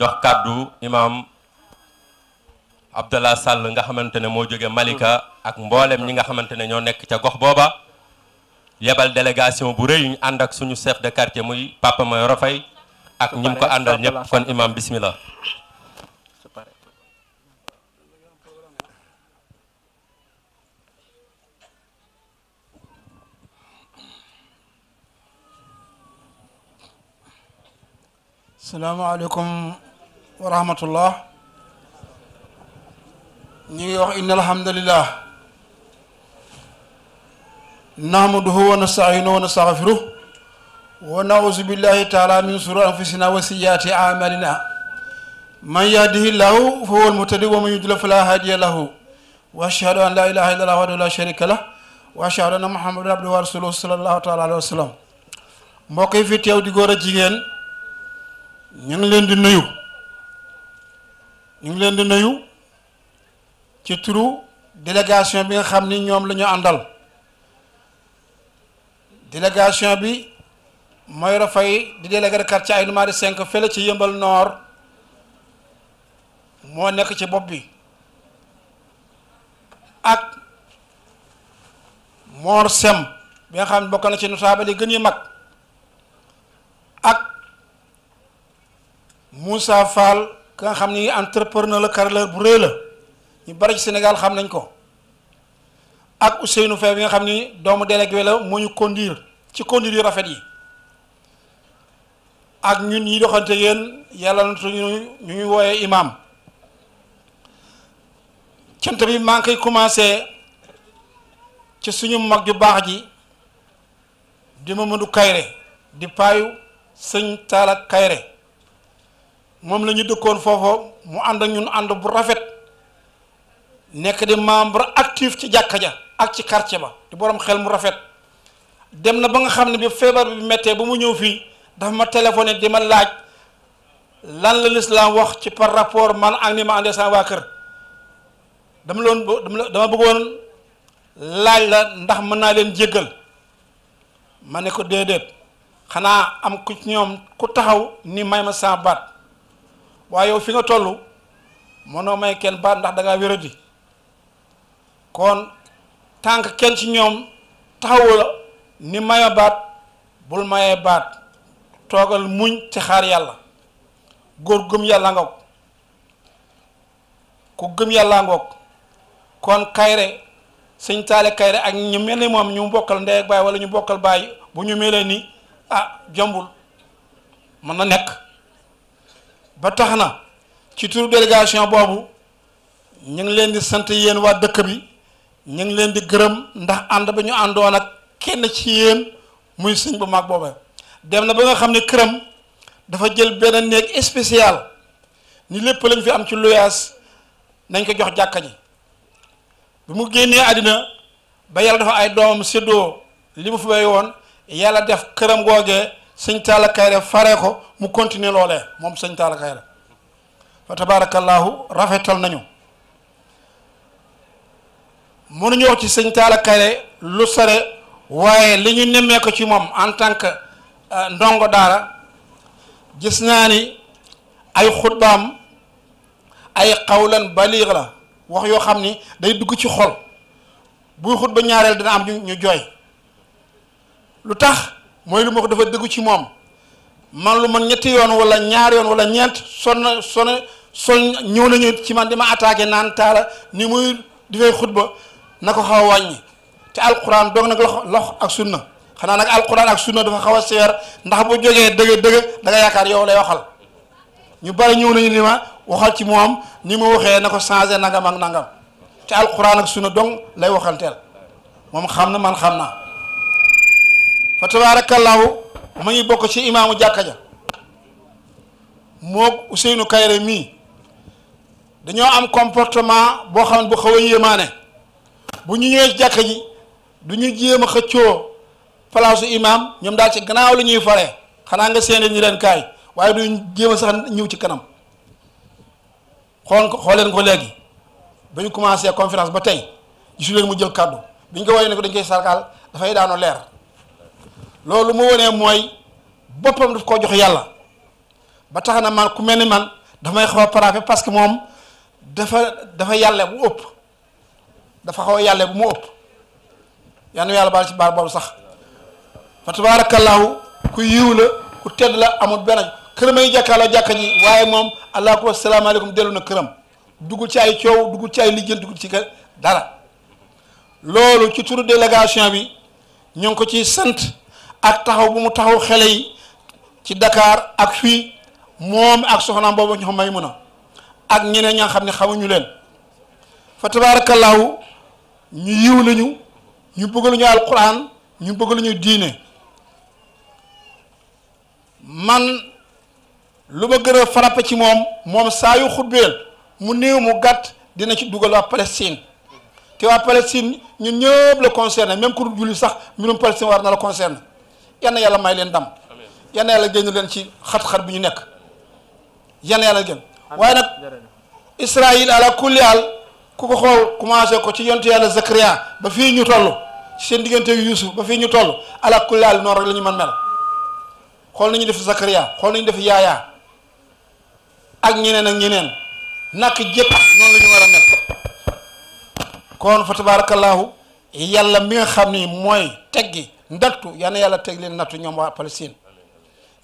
jox kàddu imaam Abdallah Sall nga xamante ne moo jóge Malika ak mbooleem ñi nga xamante ne ñoo nekk ca gox booba yebal délégation bu rëy ñu ànd ak suñu chef de quartier muy Papa Mayoro ak ñi mu ko àndal ñëpp kon imaam bismillah wa rahmatullah ñu wax inna alhamdulillah nahmaduhu wa nastainuhu wa nastaghfiruh wa nauzu billahi min sururi anfusina wa sayyiati amalina man yahdihi llahu fahuwa almuhtadi wa man yudlil fala hadiya lahu wa an la ilaha illa llah la sharika lah wa ashhadu anna muhammadan abduhu wa rasuluhu sallallahu taala alayhi wa sallam mbokk yi fi teew di góor a jigéen ñu ngi leen di nuyu ñu ngi leen di nuyu ci turu délégation bi nga xam ni ñoom lañu àndal délégation bi mooy fay di délégué de quartier Aïnou Mady 5 fële ci yëmbal noor moo nekk ci bopp bi ak Mor Sem bi nga xam ne bokk na ci notable yi gën yu mag ak Moussa Fall. ki nga xam ni entrepreneur la carrière bu rëy la ñu bari ci Sénégal xam nañ ko ak Ousseynou Faye bi nga xam ni doomu délégué la moo ñu conduire ci conduire yu rafet yi ak ñu ñu doxante yéen yàlla na ñu ñu wooyee imam cant bi maa ngi koy commencé ci suñu mag ju baax ji di Mamadou Kayre di paayu sëñ Talla Kayre moom la ñu dëkkoon foofa mu ànd ak ñun ànd bu rafet nekk di membre actif ci jàkka ja ak ci quartier ba di borom xel mu rafet dem na ba nga xam ne bi feebar bi méttee ba mu ñëw fii dafa ma téléphoné di ma laaj lan la lislaam wax ci par rapport man ak ni ma àndee sama waa kër dama loon dama bëggoon laaj la ndax mën naa leen jéggal ma ne ko déedéet xanaa am ku ñoom ku taxaw ni may ma sa baat waaye yow fi nga toll mënoo may kenn baat ndax da ngaa wéradi kon tànk kenn ci ñoom taxawu ni maye baat bul maye baat toogal muñ te xaar yàlla góor gëm yàlla ngoog ku gëm yàlla ngoog kon kayre sëñ taale kayre ak ñu mel ni moom ñu bokkal ndey ak baay wala ñu bokkal baay bu ñu melee nii ah jombul mën na nekk ba tax na ci turu délégation boobu ñu ngi leen di sant yéen waa dëkk bi ñu ngi leen di gërëm ndax ànd ba ñu àndoon ak kenn ci yéen muy sëñ bu mag boobee dem na ba nga xam ne këram dafa jël benn néeg spécial ni lépp lañ fi am ci luyaas nañ ko jox jàkka ji bi mu génnee àddina ba yàlla dafa ay doomam séddoo li mu fi bay woon yàlla def këram googee sëñ Talla Kayré faree ko mu continuer loole moom sëñ Talla Kairé fa tabaarakallaahu rafetal nañu mënuñu wax ci sëñ Talla lu sore waaye li ñu nemmee ko ci moom en tant que euh, ndongo daara gis naa ni ay xutbaam ay xawlan baliix la wax yoo xam ni day dugg ci xol buy ba ñaareel dina am ñu jooy lu tax mooy lu ma ko dafa dëggu ci moom man lu man ñetti yoon wala ñaar yoon wala ñeent son son son ñëw nañu ci man di ma attaqué naan taala ni muy di difay xutba na ko xaw a wàññi te alquran doog nag lox lox ak sunna xanaa nag alquran ak sunna dafa xaw a seer ndax bu jógee dëgg dëgg da yaakaar yow lay waxal ñu bari ñëw nañu ni ma waxal ci moom ni mu waxee na ko changé nangam ak nangam te alquran ak sunna dong lay waxanteel moom xam na man xam naa fa tabarakallahu ma ngi bokk ci imaamu jàkk ja moo Ousseynou Kayre mii dañoo am comportement boo xam ne bu xaw a yéemaane bu ñu ñëwee jàkk ji du ñu jéem a xëccoo palaasu imaam ñoom daal ci gannaaw la ñuy faree xanaa nga seen ñu leen kaay waaye du ñu jéem a sax ñëw ci kanam xool ko xooleen ko léegi ba ñu commencé conférence ba tey gisu leen mu jël kàddu bi ñu ko woowee ne ko dañ koy sarkaal dafay daanoo leer loolu mu wonee mooy boppam daf koo jox yàlla ba tax na man ku mel ni man dafa may xaw a parafe parce que moom dafa dafa yàlle bu ëpp dafa xaw yàlla bu mu ëpp yàlla yàlla baal ci baar boobu sax fa tabaarakallaahu ku yiw la ku tedd la amul benn këram ay jàkkaarloo jàkka ji waaye moom allah ko salaamaaleykum dellu na këram dugul ci ay coow dugul ci ay lijjën dugul ci dara loolu ci turu délégation bi ñoo ngi ko ciy sant ak taxaw bu mu taxaw xele yi ci dakaar ak fi moom ak soxnaam boobu ñu xam may mun a ak ñeneen ña nga xam ne xamuñu leen fa tabaarakallaahu ñu yiw lañu ñu bëgg lu ñu alquran ñu bëgg lu ñu diine man lu ma gën a frappé ci moom moom saa yu xutbeel mu néew mu gàtt dina ci dugal waa Palestine te waa Palestine ñun ñëpp la concerné même ku dul julli sax mbirum Palestine war na la concerné yan yàlla may leen ndam yan yàlla génn leen ci xat-xat bu ñu nekk yan yàlla génn waaye nag israil ala kulli ku ko xool commencé ko ci yontu yàlla Zakaria ba fii ñu toll seen diggante yu ba fii ñu toll ala kulli al noonu rek la ñu mën mel xool nañu def Zakaria xool nañu def Yaaya ak ñeneen ak ñeneen nak jëpp noonu lañu ñu war a mel kon fa tabaarakallaahu yàlla mi nga xam ni mooy teggi ndattu yal na yàlla teg leen nattu ñoom waa Palestine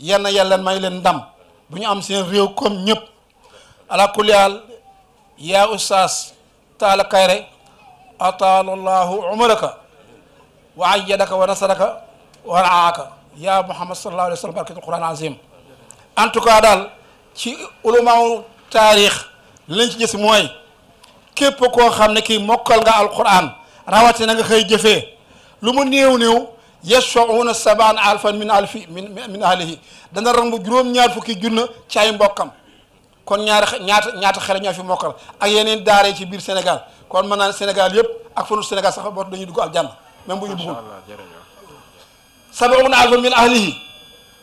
yal na yàlla may leen ndam bu ñu am seen réew comme ñëpp ala kulli haal yaa ustaas taala kayre ataala llahu umaraka wa ayyadaka wa nasaraka wa raaka yaa muhammad sallallahu alayhi wa sallam barkatul quran azim en ne kii mokkal nga alquran rawatina lu mu néew néew yashfa'una sab'an alfan min alfi min min ahlihi dana romb juróom-ñaar fukki junna ci ay mbokkam kon ñaar ñaata ñaata xale ñoo fi mokkal ak yeneen daara ci biir Sénégal kon mën naa Sénégal yëpp ak fanu Sénégal sax boo dañuy dugg aljanna même bu ñu duggul sab'una alfan min ahlihi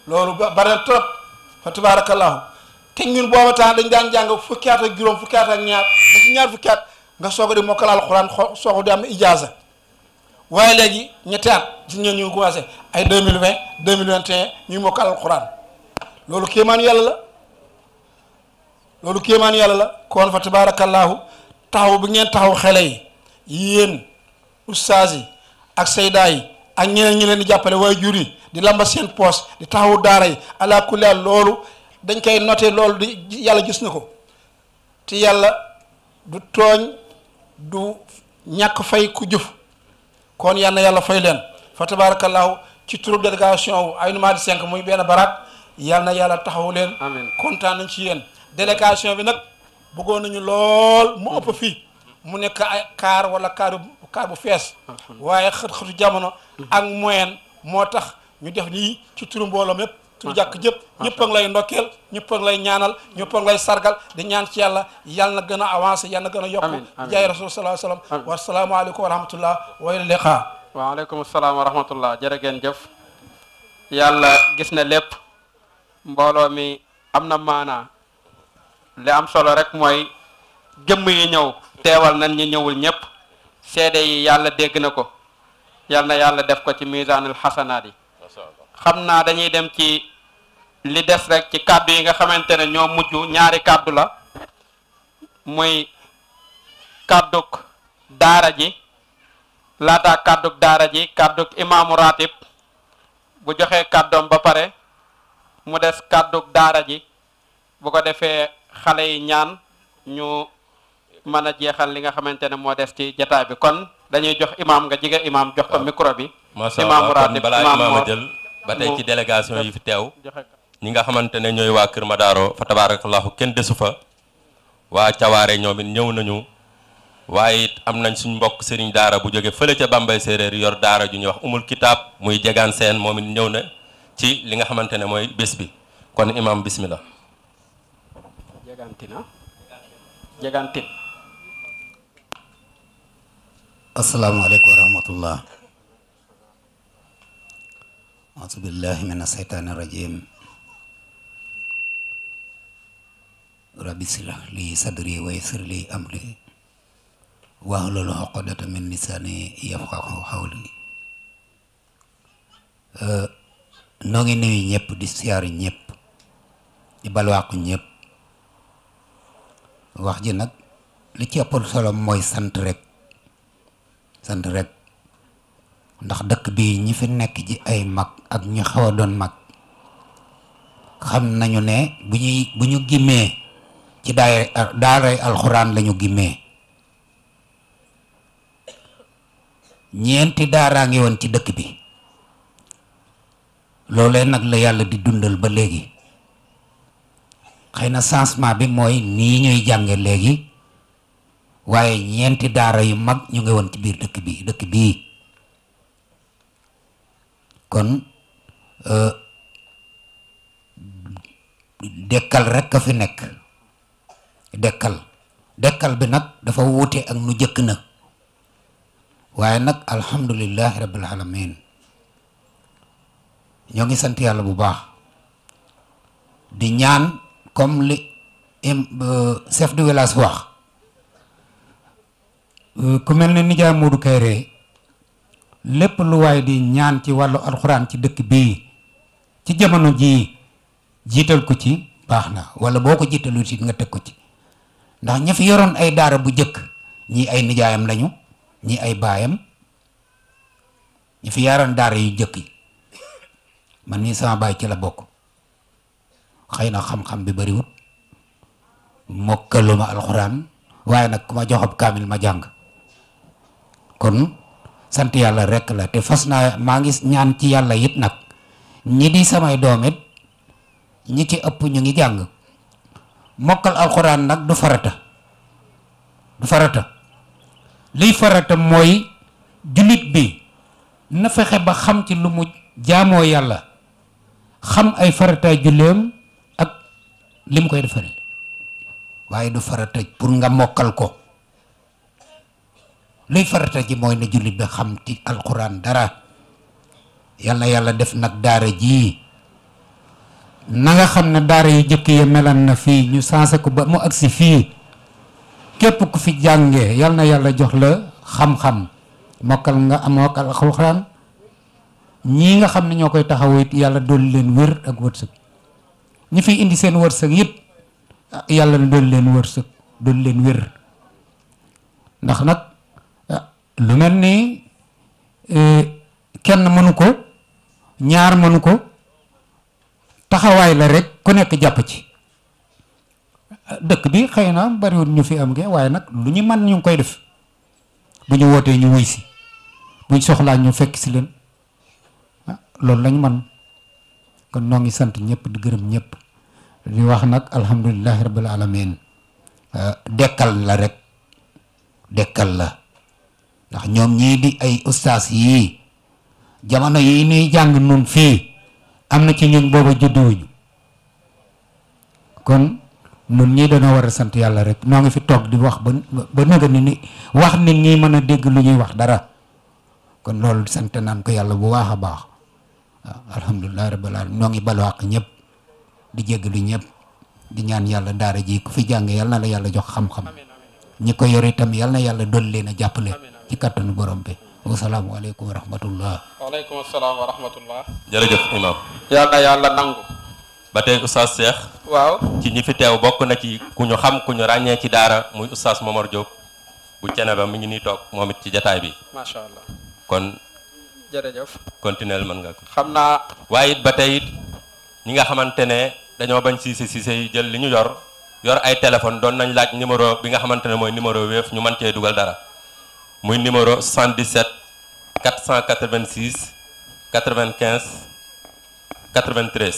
loolu bari na trop fa tabarakallahu te ñun booba temps dañ daan jàng fukki at ak juróom fukki at ak ñaar ba ci ñaar fukki at nga soog a di mokkal alxuraan xo soog di am ijaaza waaye léegi ñetti at gis ngeen ñu ko commencé ay deux mille vingt deux mille vingt et ñuy mokk alquran loolu kéemaanu yàlla la loolu kéemaanu yàlla la kon fa tabaarakallaahu taxaw bu ngeen taxaw xele yi yéen ustaas yi ak saydaa yi ak ñeneen ñi leen di jàppale waaye jur yi di lamba seen poos di taxaw daara yi ala kulli loolu dañ koy noté loolu di yàlla gis na ko te yàlla du tooñ du ñàkk fay ku jëf kon yal na yàlla fay leen fa tabaarakallaahu ci turu délégation wu Aïnou Mady 5 muy benn baraat yal na yàlla taxaw leen. amiin kontaan nañ ci yéen. délégation bi nag bëggoon nañu lool mu ëpp fii mu nekk ay kaar wala kaar bu kaar bu fees. waaye xët-xëtu jamono. ak moyen moo tax ñu def nii ci turu mbooloo mépp tur jàkk jëpp ñëpp a ngi lay ndokkeel ñëpp a ngi lay ñaanal ñëpp a ngi lay sargal di ñaan ci yàlla yàlla na gën a avancé yàlla na gën a yokk jaay rasul sallallahu alayhi wa sallam wasalaamaaleykum wa rahmatullah wa ila liqa waaleykum salaam wa rahmatullah jërëgeen jëf yàlla gis na lépp mbooloo mi am na maanaa li am solo rek mooy jëmm yi ñëw teewal nañ ñi ñëwul ñëpp seede yi yàlla dégg na ko yal na yàlla def ko ci misaanul xasanaat yi xam naa dañuy dem ci li des rek ci kàddu yi nga xamante ne ñoo mujj ñaari kàddu la muy kàddug daara ji laata kàddug daara ji kàddug imaamu ratib bu joxe kàddoom ba pare mu des kàddug daara ji bu ko defee xale yi ñaan ñu mën a jeexal li nga xamante ne moo des ci jataay bi kon dañuy jox imaam nga jige imaam jox ko ah. micro bi. imaamu ratib imaamu balaa imaam a jël ba tey ci délégation yi fi teew. ñi nga xamante ne ñooy waa Kër Madaro fa tabaarakallaahu kenn desu fa waa cawaare ñoom it ñëw nañu waaye it am nañ suñ mbokk sëriñ daara bu jóge fële ca bàmbay séeréer yor daara ju ñuy wax umul kitaab muy jegaan seen moom ñëw na ci li nga xamante ne mooy bés bi kon imam bismillah jegaanti na jegaanti asalaamaaleykum wa rahmatullah asubillahi rabbi ishrah li sadri wa yassir li amri wahlul uqdatan min lisani yafqahu qawli noo ngi nuyu ñëpp di siyaar ñëpp di balwaaku ñëpp wax ji nag li ci ëppal solo mooy sant rek sant rek ndax dëkk bi ñi fi nekk ji ay mag ak ñu xaw a doon mag xam nañu ne bu ñuy bu ñu gimmee ci daara daaray alxuraan lañu gimmee ñeenti daaraa ngi woon ci dëkk bi loolee nag la yàlla di dundal ba léegi xëy na changement bi mooy nii ñuy jànge léegi waaye ñeenti daara yu mag ñu ngi woon ci biir dëkk bi dëkk bii kon euh, dekkal rekk a fi nekk dekkal dekkal bi nag dafa wuute ak nu jëkk na waaye nag alhamdulillahi rabbil alamin ñoo ngi sant yàlla bu baax di ñaan comme li euh, chef de village wax euh, ku mel ne nijaay Modou Kayré lépp lu waay di ñaan ci wàllu alxuraan ci dëkk bii ci jamono jii jiital ko ci baax na wala boo ko jiitalu ci nga teg ko ci ndax ña fi yoroon ay daara bu jëkk ñii ay nijaayam lañu ñii ay baayam ñi fi yoroon daara yu jëkk yi man mii sama baay ci la bokk xëy na xam-xam bi bariwut mokkaluma alxuraan waaye nag ku ma joxob kaamil ma jàng kon sant yàlla rekk la te fas naa maa ngi ñaan ci yàlla yit nag ñi di samay doom ñi ci ëpp ñu ngi jàng mokkal alxuraan nag du farata du farata liy farata mooy jullit bi na fexe ba xam ci lu mu jaamoo yàlla xam ay farataay julleem ak li mu koy defaree waaye du farata pour nga mokkal ko luy farata ji mooy na jullit bi xam ci alxuraan dara yàlla yàlla def nag daara ji na nga xam ne daara yu jëkk yi melan na fii ñu sansé ko ba mu agsi fii képp ku fi jànge yal na yàlla jox la xam-xam mokkal nga am mokkal alxuraan ñii nga xam ne ñoo koy taxaw yàlla dolli leen wér ak wërsëg ñi fi indi seen wërsëg yëpp yàlla dolli leen wërsëg dolli leen wér ndax nag lu mel ni eh, kenn mënu ko ñaar mënu ko taxawaay la rek ku nekk jàpp ci dëkk bi xëy na bariwul ñu fi am ge waaye nag lu ñu mën ñu ngi koy def bu ñu wootee ñu wuy si bu soxlaa ñu fekk si leen ah, loolu lañ man kon noo ngi sant ñëpp di gërëm ñëpp li wax nag alhamdulilahi rabbil alamin ah, dekkal la rek dekkal la ndax ñoom ñii di ay ustaas yii jamono yii ñuy jàng nun fii am na ci ñun booba judduwuñu kon nun ñii dañoo war a sant yàlla rek noo ngi fi toog di wax ba ba nëga ni ni wax nit ñi mën a dégg lu ñuy wax dara kon loolu sant naan ko yàlla bu waax a baax waaw alhamdulilah rabbil alamin noo ngi balwaaq ñëpp di jégg jéggalu ñëpp di ñaan yàlla daara ji ku fi jàng yàlla na la yàlla jox xam-xam ñi ko yor itam yàlla na yàlla dolli leen a jàppale ci kàttanu borom bi wasalaamualeykum wa rahmatullah. waaleykum salaam wa rahmatullah. jërëjëf imaam. yàlla yàlla nangu. ba tey oustaz Cheikh. waaw ci ñi fi teew bokk na ci ku ñu xam ku ñu ràññee ci daara muy oustaz Momar Diop bu Ceneba mi ngi nii toog moom it ci jataay bi. macha allah kon. jërëjëf continuel mën nga xam naa. waaye it ba tey it ñi nga xamante ne dañoo bañ siise siise yi jël li ñu yor yor ay téléphone doon nañ laaj numéro bi nga xamante ne mooy numéro Wave ñu mën cee dugal dara. muy numéro 77 486 95 93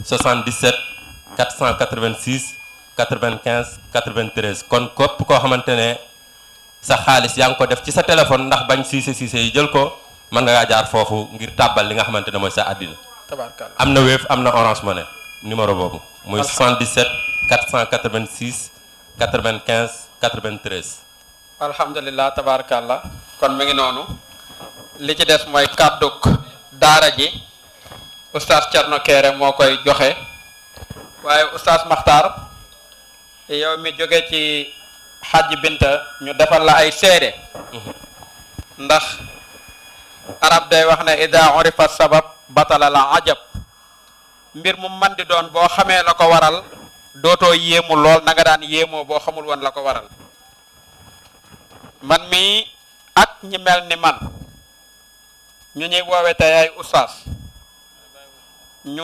77 486 95 93 kon képp koo xamante ne sa xaalis yaa ngi ko def ci sa téléphone ndax bañ siise siise yi jël ko mën ngaa jaar foofu ngir tàbbal li nga xamante ne mooy sa àddina tabaarkalla am na Wave am na Orange Money numéro boobu muy 77 486 95 93 alhamdulilah tabarakallah kon mi ngi noonu li ci des mooy kàdduk daara ji oustaz Thierno moo koy joxe waaye oustaz Makhtar yow mi jóge ci xaj binta ñu defal la ay seede ndax arab day wax na ida urifa sabab batala la ajab mbir mu man di doon boo xamee la ko waral dootoo yéemu lool na nga daan yéemoo boo xamul woon la ko waral man mi at ñi mel ni man ñu ñuy woowe tey ay ustaas ñu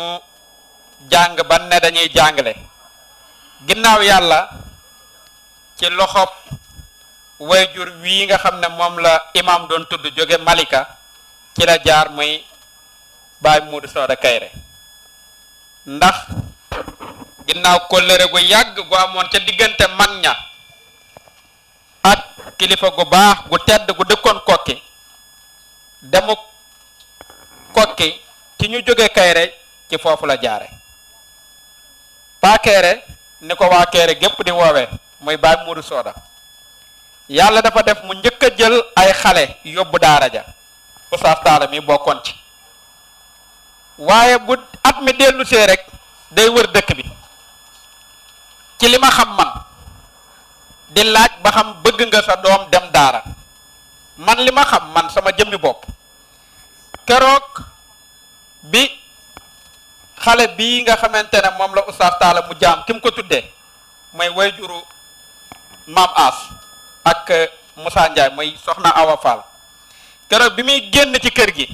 jàng ban ne dañuy jàngale ginnaaw yàlla ci loxob wayjur wii nga xam ne moom la imam doon tudd jóge Malika ci la jaar muy Baay Muudu Sooda Kayre ndax ginnaaw kóllëre gu yàgg gu amoon ca diggante man ña kilifa gu baax gu tedd gu dëkkoon kokki demu kokki ci ñu jóge kayre ci foofu la jaare paa kayre ni ko waa kayre gépp di woowee muy baay muuru sooda yàlla dafa def mu njëkk a jël ay xale yóbbu daara ja Oustaz Talla mi bokkoon ci waaye bu at mi dellusee rek day wër dëkk bi ci li ma xam man di laaj ba xam bëgg nga sa doom dem daara man li ma xam man sama jëmmi bopp keroog bi xale bi nga xamante ne moom la Oustaz Talla mu jaam ki mu ko tuddee mooy wayjuru maam As ak euh, Moussa Ndiaye mooy soxna Awa Fall keroog bi muy génn ci kër gi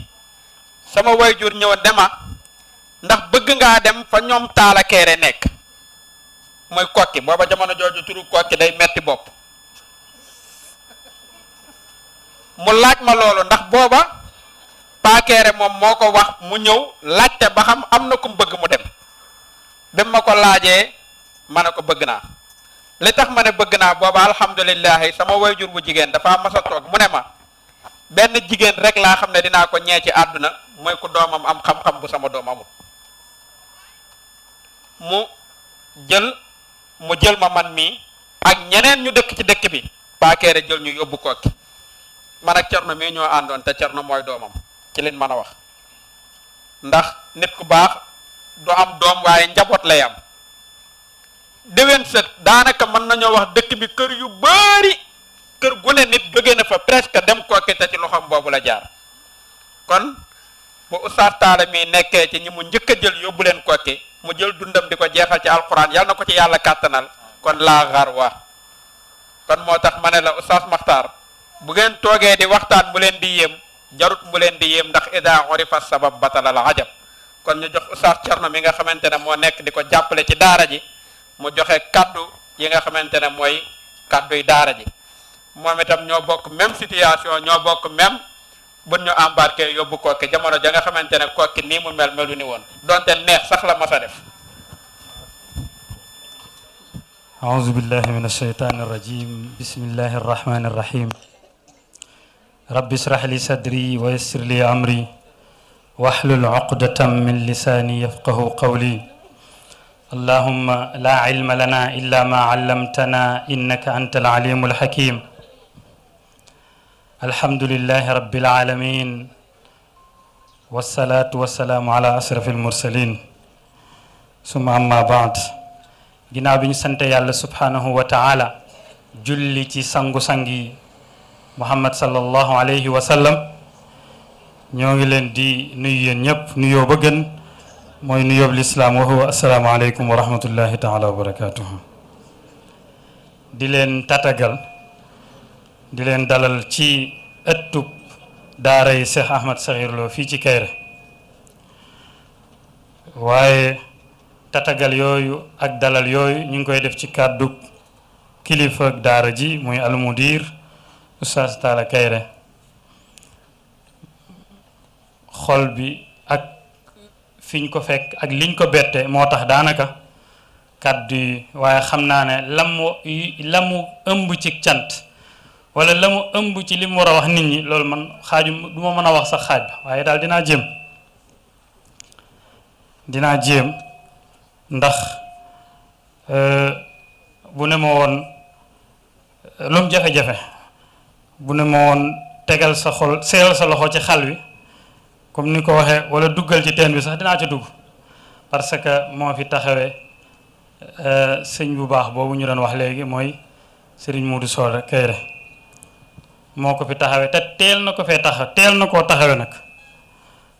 sama wayjur ñëw ne ma ndax bëgg ngaa dem fa ñoom taala keere nekk mooy kokki booba jamono jooju turu kokki day metti bopp mu laaj ma loolu ndax booba paakeere moom moo ko wax mu ñëw laajte ba xam am na ku mu bëgg mu dem bi ma ko laajee ma ne ko bëgg naa li tax ma ne bëgg naa booba alhamdulilahi sama wayjur bu jigéen dafa mas a toog mu ne ma benn jigéen rek laa xam ne dinaa ko ñee ci àdduna mooy ku doomam am xam-xam bu sama doom mu jël mu jël ma man mii ak ñeneen ñu dëkk ci dëkk bi baakeere jël ñu yóbbu kokki man ak cerno mii ñoo àndoon te cerno mooy doomam ci liñ mën a wax ndax nit ku baax du am doom waaye njaboot lay am déwén set daanaka mën nañoo wax dëkk bi kër yu baari kër gu ne nit jóge na fa presque dem kokki te ci loxoom boobu la jaar kon bu Oustaz Talla mi nekkee ci ñi mu njëkk jël yóbbu leen kokki mu jël dundam di ko jeexal ci alquran yal na ko ci yàlla kàttanal kon laa xar wa kon moo tax ma ne la Oustaz Makhtar bu ngeen toogee di waxtaan mu leen di yéem jarut mu leen di yéem ndax ida xorifa sabab batala la ajab kon ñu jox Oustaz Thierno mi nga xamante ne moo nekk di ko jàppale ci daara ji mu joxe kàddu yi nga xamante ne mooy kadduy daara ji moom itam ñoo bokk même situation ñoo bokk même bun ñu embarqué yóbbu kokki jamono ja nga xamante ne kokki nii mu mel melu ni woon donte neex sax la mas a def أعوذ بالله من الشيطان الرجيم بسم الله الرحمن الرحيم رب اشرح لي صدري ويسر لي أمري واحلل عقدة من لساني يفقه قولي اللهم لا علم لنا إلا ما علمتنا إنك أنت العليم الحكيم alhamdulilahi rabbil alamin wasalaatu wasalaamu ala ashrafil mursalin suma amma baad ginnaaw bi ñu sante yàlla subhanahu taala julli ci sangu-sang yi muhammad sallallahu alayhi wa ñoo ngi leen di nuyu yéen ñëpp nuyoo ba gën mooy nuyoob lislaam wa huwa assalaamu aleykum wa rahmatullahi taala wa barakatuhu leen tatagal di leen dalal ci ëttub daara yi Cheikh Ahmad Sakhir fii ci Kaïré waaye tatagal yooyu ak dalal yooyu ñu ngi koy def ci kàddu kilifa daara ji muy almudir Oustaz Talla Kaïré xol bi ak fiñ ko fekk ak liñ ko bette moo tax daanaka kàddu yi waaye xam naa ne lamu lamu ëmb ci cant wala la mu ëmb ci li mu war a wax nit ñi loolu man xaaju du ma mën a wax sax xaaj waaye daal dinaa jéem dinaa jéem ndax euh, bu ne ma woon euh, lu mu jafe-jafe bu ne ma woon tegal sa xol seeral sa loxo ci xal wi comme ni ko waxee wala duggal ci teen bi sax dinaa ci dugg parce que moo fi taxawee euh, sëñ bu baax boobu ñu doon wax léegi mooy sëriñ Modou Sow rek moo ko fi taxawe te teel na ko fee taxaw teel na koo taxawe nag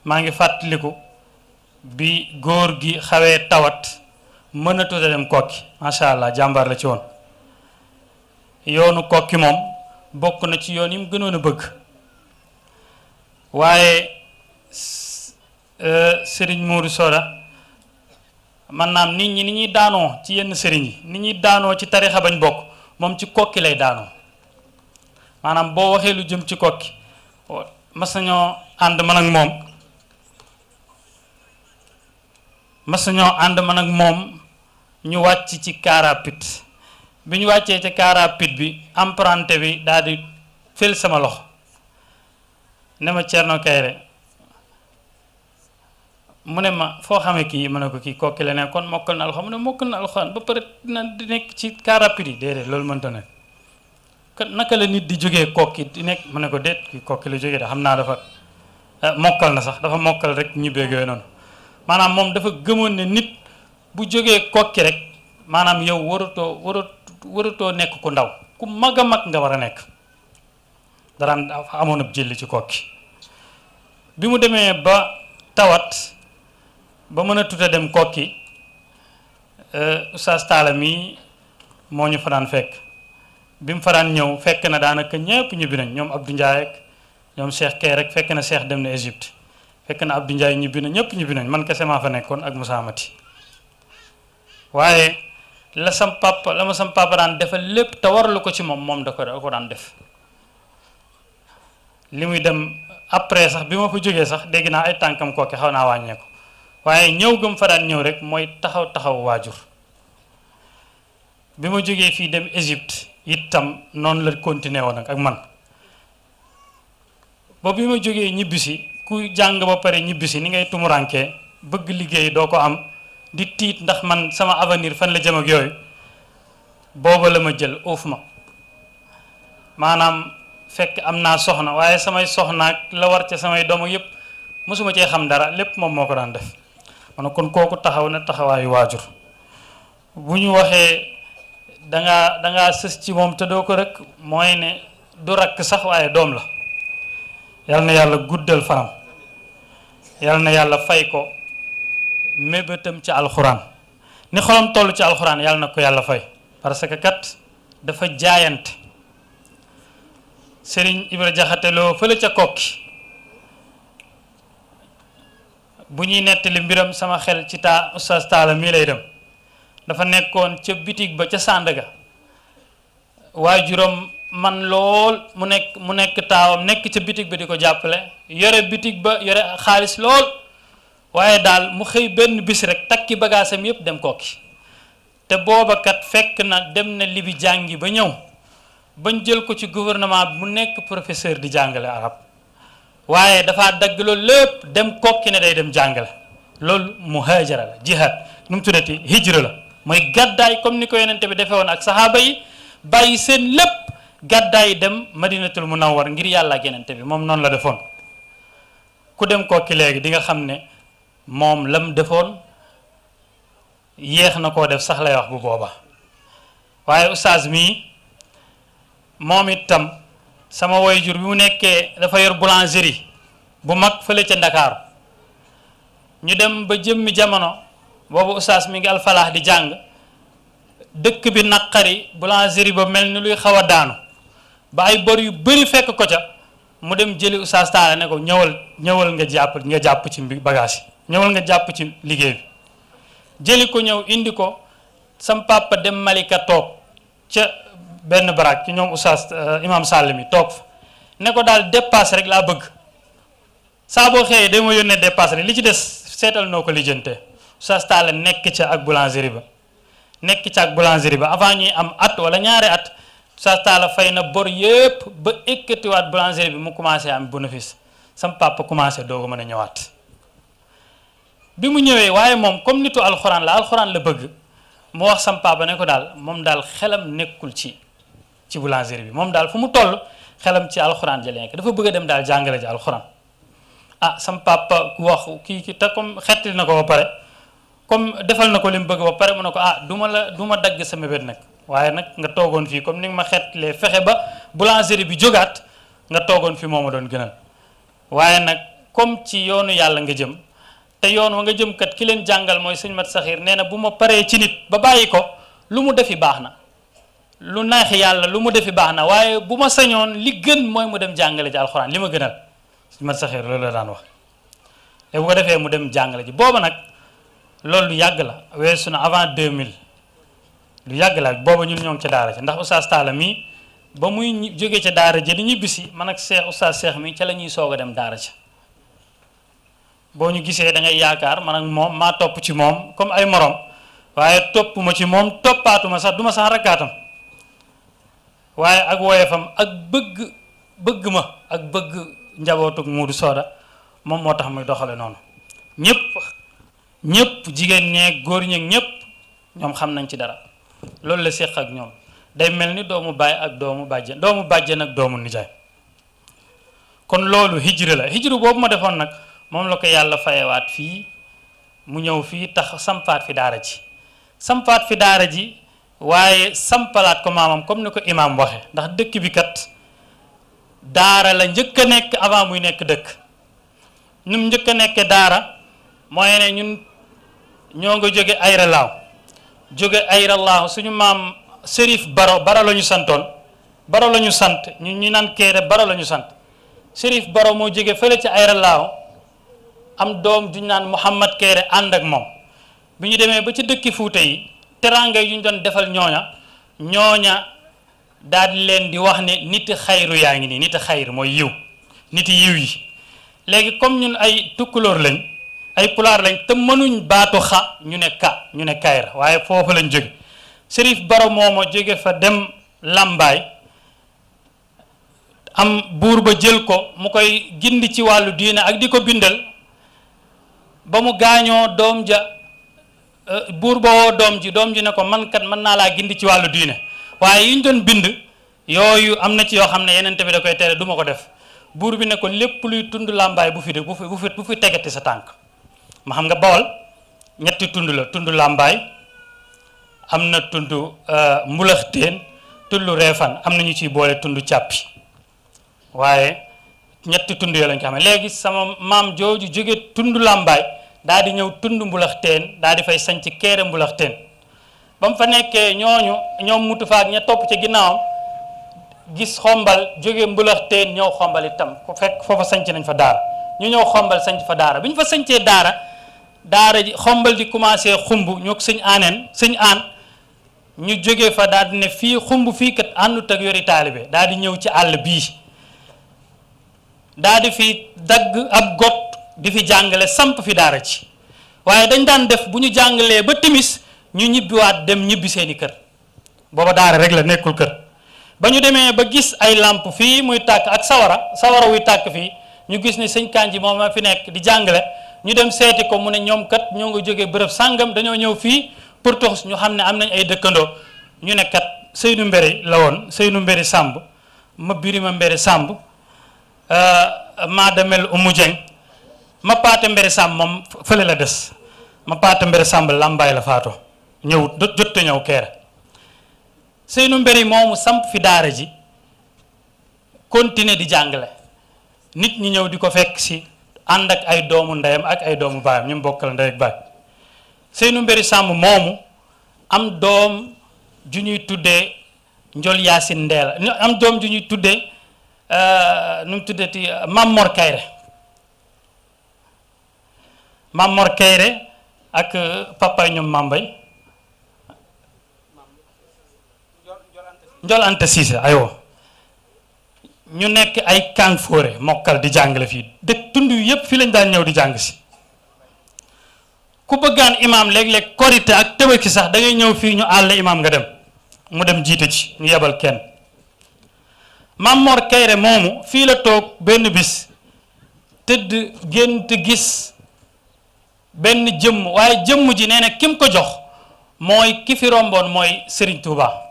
maa ngi fàttaliku bi góor gi xawee tawat mën a tuta dem kokki macha allah jàmbaar la ci woon yoonu kokki moom bokk na ci yoon yi mu gënoon a bëgg waaye sëriñ euh, Modou Soda maanaam nit ñi ni ñuy daanoo ci yenn sëriñ yi ni ñuy daanoo ci tarixa bañ bokk moom ci kokki lay daanoo maanaam boo waxee lu jëm ci kokki mas nañoo ànd man ak moom mas ànd man ak moom ñu wàcc ci car bi ñu wàccee ci car bi emprunté bi daal di sama loxo ne ma Thierno Kairé mu ne ma foo xamee kii mu ne ko kii kokki la ne kon mokkal na alxuraan mu ne mokkal ba pare dina di nekk ci car rapide yi déedéet loolu mënta nekk naka la nit di jógee kokki di nekk mu ne ko déet ki kokki la jógee de xam naa dafa eh, mokkal na sax dafa mokkal rek ñibbeeg yooyu noonu maanaam moom dafa gëmoon ne nit bu jógee kokki rek maanaam yow waratoo warat waratoo nekk ku ndaw ku mag a mag nga war a nekk daraan amoon ab jëlli ci kokki bi mu demee ba tawat ba mën a tuta dem kokki eh, oustaz taala mi moo ñu fa fekk bi mu faraan ñëw fekk na daanaka ñëpp ñibbi nañ ñoom Abdou Ndiaye ñoom seex Kay rek fekk na Cheikh dem na Égypte fekk na Abdou Ndiaye ñibbi na ñëpp ñibbi nañ man kese maa fa nekkoon ak Moussa Mati waaye la sam papa la ma sam papa daan defal lépp te warlu ko ci moom moom da ko ko daan def li muy dem après sax bi ma fa jógee sax dégg naa ay tànkam kooke xaw naa wàññeeku waaye ñëw gëm fa daan ñëw rek mooy taxaw taxaw waajur bi ma jógee fii dem Égypte itam noonu la continué woon ak man ba bi ma jógee ñibbisi ku jàng ba pare ñibbisi ni ngay tumurankee bëgg liggéey doo ko am di tiit ndax man sama avenir fan la jëm ak yooyu booba la ma jël uuf ma maanaam fekk am naa soxna waaye samay soxnaak la war ca samay doom ak yépp mosuma cee xam dara lépp moom moo ko daan def man kooku taxaw na taxawaayu waajur bu ñu waxee dangaa danga sës ci moom te doo ko rek mooy ne du rakk sax waaye doom la yal na yàlla guddal fanam yal na yàlla fay ko mébétam ci alxuraan ni xolam toll ci alxuraan yal na ko yàlla fay parce que kat dafa jaayante sëriñ Ibra Jaxate Lo fële ca kokki bu ñuy nettali mbiram sama xel ci taa oustaz taala mii lay dem dafa nekkoon ca bitig ba ca Sandaga waajuram man lool mu nekk mu nekk taawam nekk ca bitig bi di ko jàppale yore bitig ba yore xaalis lool waaye daal mu xëy benn bis rek takki bagaasam yépp dem kokki te boobakat fekk na dem na libi jàngi ba ñëw bañ jël ko ci gouvernement bi mu nekk professeur di jàngale arab waaye dafa dagg loolu lépp dem kokki ne day dem jàngale loolu muhaajara la jihaad nu mu tuddati hijra la mooy gàddaay comme ni ko yonente bi defee woon ak saxaaba yi bàyyi seen lépp gàddaay dem madinatul munawwar ngir yàlla ak bi moom noonu la defoon ku dem kokki léegi di nga xam ne moom lam defoon yéex na koo def sax lay wax bu booba waaye ustaas mi moom itam sama waajur bi mu nekkee dafa yor boulangerie bu mag fële ca Ndakaaru ñu dem ba jëmmi jamono boobu oustaz mi ngi alfalaax di jàng dëkk bi naqari boulangerie ba mel ni luy xaw a daanu ba ay bor yu bëri fekk ko ca mu dem jëli oustaz taala ne ko ñëwal ñëwal nga jàpp nga jàpp ci bagage yi ñëwal nga jàpp ci liggéey bi jëli ko ñëw indi ko sam papa dem malika toog ca benn baraag ci ñoom oustaz euh, imam sàll mi toog fa ne ko daal dépasse rek laa bëgg saa boo xëyee dama yónnee dépasse rek li ci des seetal noo ko lijjantee sastale nekk ca ak boulangerie ba nekk ca ak boulangerie ba avant ñuy am at wala ñaari at sastale fay na bor yépp ba ekkatiwaat boulangerie bi mu commencé am bénéfice sam papa commencé dooga mën a ñëwaat bi mu ñëwee waaye moom comme nitu alxuraan la alxuraan la bëgg mu wax sam papa ne ko daal moom daal xelam nekkul ci ci boulangerie bi moom daal fu mu toll xelam ci alxuraan ja nekk dafa bëgg a dem daal jàngale ji alxuraan ah sam ku wax kii ki te comme xettali na ko ba pare comme defal na ko li mu bëgg ba pare mu ne ko ah du ma la du ma dagg sa mébét nag waaye nag nga toogoon fii comme ni nga ma xetlee fexe ba boulangerie bi jógaat nga toogoon fi moo ma doon gënal waaye nag comme ci yoonu yàlla nga jëm te yoon wa nga jëmkat ki leen jàngal mooy sëñ mat saxiir nee na bu ma paree ci nit ba bàyyi ko lu mu defi baax na lu neexi yàlla lu mu defi baax na waaye bu ma sañoon li gën mooy mu dem jàngale ji alxuraan li ma gënal sëñ mat saxiir loolu la daan wax te defee mu dem jàngale ji booba nag loolu lu yàgg la weesu na avant mille lu yàgg la booba ñun ñoo ngi ca daara ji ndax oustaz taala mi ba muy jógee ca daara ji di ñibbisi man ak seex oustaz seex mi ca la ñuy soog a dem daara ji boo ñu gisee da ngay yaakaar man ak moom maa topp ci moom comme ay morom waaye topp ci moom toppaatuma sax duma ma sax rakkaatam waaye ak woyefam ak bëgg bëgg ma ak bëgg njabootug du sooda moom moo tax muy doxale noonu ñëpp ñëpp jigéen ñeeg góor ñeeg ñëpp ñoom xam nañ ci dara loolu la séq ak ñoom day mel ni doomu baay ak doomu bàjjen doomu bàjjen nag doomu nijaay kon loolu hijra la hijra boobu ma defoon nag moom la ko yàlla fayewaat fii mu ñëw fii tax sampaat fi daara ji sampaat fi daara ji waaye sampalaat ko maamam comme ni ko imaam waxe ndax dëkk bi kat daara la njëkk a nekk avant muy nekk dëkk ñun njëkk a nekkee daara mooy ne ñun ñoo nga jóge ayra laaw jóge ayra laaw suñu maam Serif Baro Baro la ñu santoon Baro la ñu sant ñu ñu naan kéere Baro la sant Serif Baro moo jóge fële ci ayra laaw am doom ju ñu naan Mouhamad Kéré ànd ak moom bu ñu demee ba ci dëkki Fuuta yi teraanga yi ñu doon defal ñooña ñooña daal di leen di wax ne nit xayru yaa ngi nii nit xayru mooy yiw nit yiw yi léegi comme ñun ay tukkulóor lañ ay pulaar lañ te mënuñ baatu xa ñu ne ka ñu ne kayra waaye foofu lañ jóge Serif Baro moomo jege fa dem làmbaay am buur ba jël ko mu koy gind ci wàllu diina ak di ko bindal ba mu gaañoo doom ja euh, buur ba woo doom ji doom ji ne ko man kat mën naa laa gindi ci wàllu diina waaye yuñ doon bind yooyu am na ci yoo xam ne yeneen bi da koy tere duma ko def buur bi ne ko lépp luy tund làmbaay bu fi de bu fi bu fi tegati sa tànk ma xam nga bawal ñetti tund la tund làmbaay am na tund euh, mbulaxteen tund reefan am na ñu ciy boole tund càppi waaye ñetti tund yoo lañ ko ne léegi sama maam jooju jóge tund làmbaay daal di ñëw tund mbulaxteen daal di fay sañc keere mbulaxteen ba mu fa nekkee ñooñu ñoom mutu faak ña topp ca ginnaawam gis xombal jóge mbulaxteen ñëw xombal itam ku fekk foofa sañc nañ fa daara ñu ñëw xombal sañc fa daara bi ñu fa sañcee daara daara ji xombal di commencé xumb ñu ko sëñ aaneen sëñ aan ñu jóge fa daal ne fii xumb fii kat àndut ak yori taalibe daal di ñëw ci àll bii daal fi dagg ab got di fi jàngale samp fi daara ci waaye dañ daan def bu ñu jàngalee ba timis ñu ñibbiwaat dem ñibbi seeni kër booba daara rek la nekkul kër ba ñu demee ba gis ay làmp fii muy tàkk ak sawara sawara wuy tàkk fii ñu gis ne sëñ Kandji moom ma fi nekk di jàngale ñu dem seeti ko mu ne ñoom kat ñoo nga jógee bërëb sàngam dañoo ñëw fii pour tox ñu xam ne am nañ ay dëkkandoo ñu ne kat Seynu Mbéri la woon Seynu Mbéri sàmb ma Birima Mbéri Samb euh, maa demel Umu Jeng ma la des ma Samb làmbaay la faato ñëw jot a ñëw keere Seynu Mbéri moomu samp fi daara ji continuer di jàngale nit ñi ñëw di ko fekk si ànd ak ay doomu ndeyam ak ay doomu baayam ñu bokkal ndey ak baay Seynu Mbéri Sàmb moomu am doom ju ñuy tuddee Njol Yaasin Ndeela am doom ju ñuy tuddee euh, nu mu tuddati Mamor Kayre Mamor Kayre ak euh, papa ñoom Mambay Njol Anta Siise aywa ñu nekk ay kàng fóore mokkal di jàngale fii dëkk tund yu yëpp fii lañ daan ñëw di jàng si ku bëggaan imaam léeg-léeg korite ak tëbëki sax da ñëw fii ñu àll imaam nga dem mu dem jiite ci ñu yebal kenn Maam Kayre moomu fii la toog benn bis tëdd gént gis benn jëmm waaye jëmm ji nee na kim ko jox mooy ki fi romboon mooy Serigne Touba.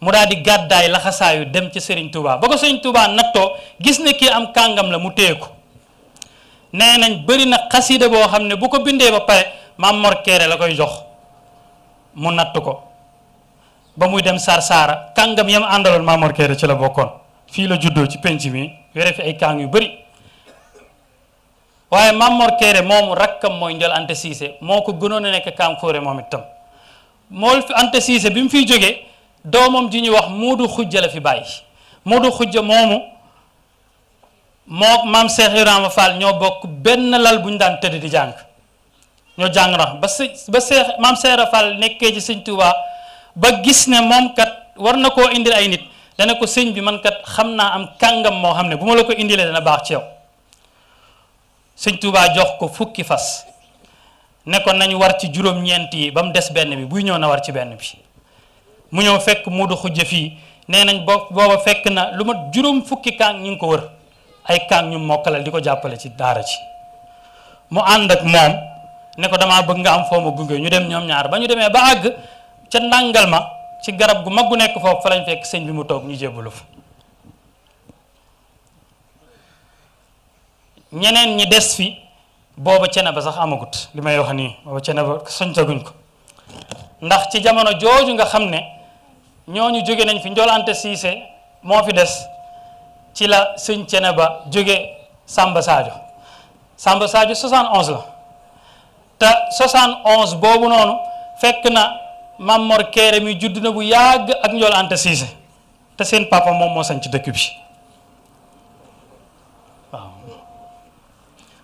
mu daal di gàddaay laxasaayu dem ci Serigne Touba ba ko Serigne Touba nattoo gis ne kii am kàngam la mu téye ko nee nañ bëri na xasida boo xam ne bu ko bindee ba pare maam Mor Kéré la koy jox mu natt ko ba muy dem Sar saara kàngam yam àndaloon maam Mor ci la bokkoon fii la juddoo ci penc mi yore fi ay kàng yu bëri. waaye Mamor Kéré moomu rakkam mooy Ndiol Anta Cissé moo ko gënoon a nekk Kaam Fóore moom itam mool fi Anta Cissé bi mu fiy jógee doomam ji ñuy wax Moodu Xujja la fi bàyyi Moodu Xujja moomu moo maam Cheikh Ibrahima ñoo bokk benn lal bu ñu daan tëdd di jàng ñoo jàng na ba si ba sëñ ba gis ne moom war na koo indil ay nit dana ko sëñ bi man xam naa am kàngam moo xam ne bu ma la ko indilee dana baax ci yow jox ko fukki fas ne ko nañ war ci juróom-ñeent yi ba mu des benn bi buy ñëw na war ci benn bi. mu ñëw fekk mu muudu xujja fii nee nañ bo booba fekk na lu mat juróom fukki kaang ñu ngi ko wër ay kaang ñu mokkalal di ko jàppale ci daara ci mu ànd ak moom ne ko damaa bëgg nga am foo ma gunge ñu dem ñoom ñaar ba ñu demee ba àgg ca ndàngal ma ci garab gu mag gu nekk foofu fa lañ fekk sëñ bi mu toog ñu jébbalu fa ñeneen ñi des fi booba cene ba sax amagut li may wax nii booba cene ba soñtaguñ ko ndax ci jamono jooju nga xam ne ñooñu jóge nañ fi njolante siise moo fi des ci la sëñ cene ba jóge Samba Sadio Samba Sadio 71 la te 71 boobu noonu fekk na Mamor Kéré mi judd na bu yàgg ak njool njolante siise te seen papa moom moo sañ ci dëkk bi waaw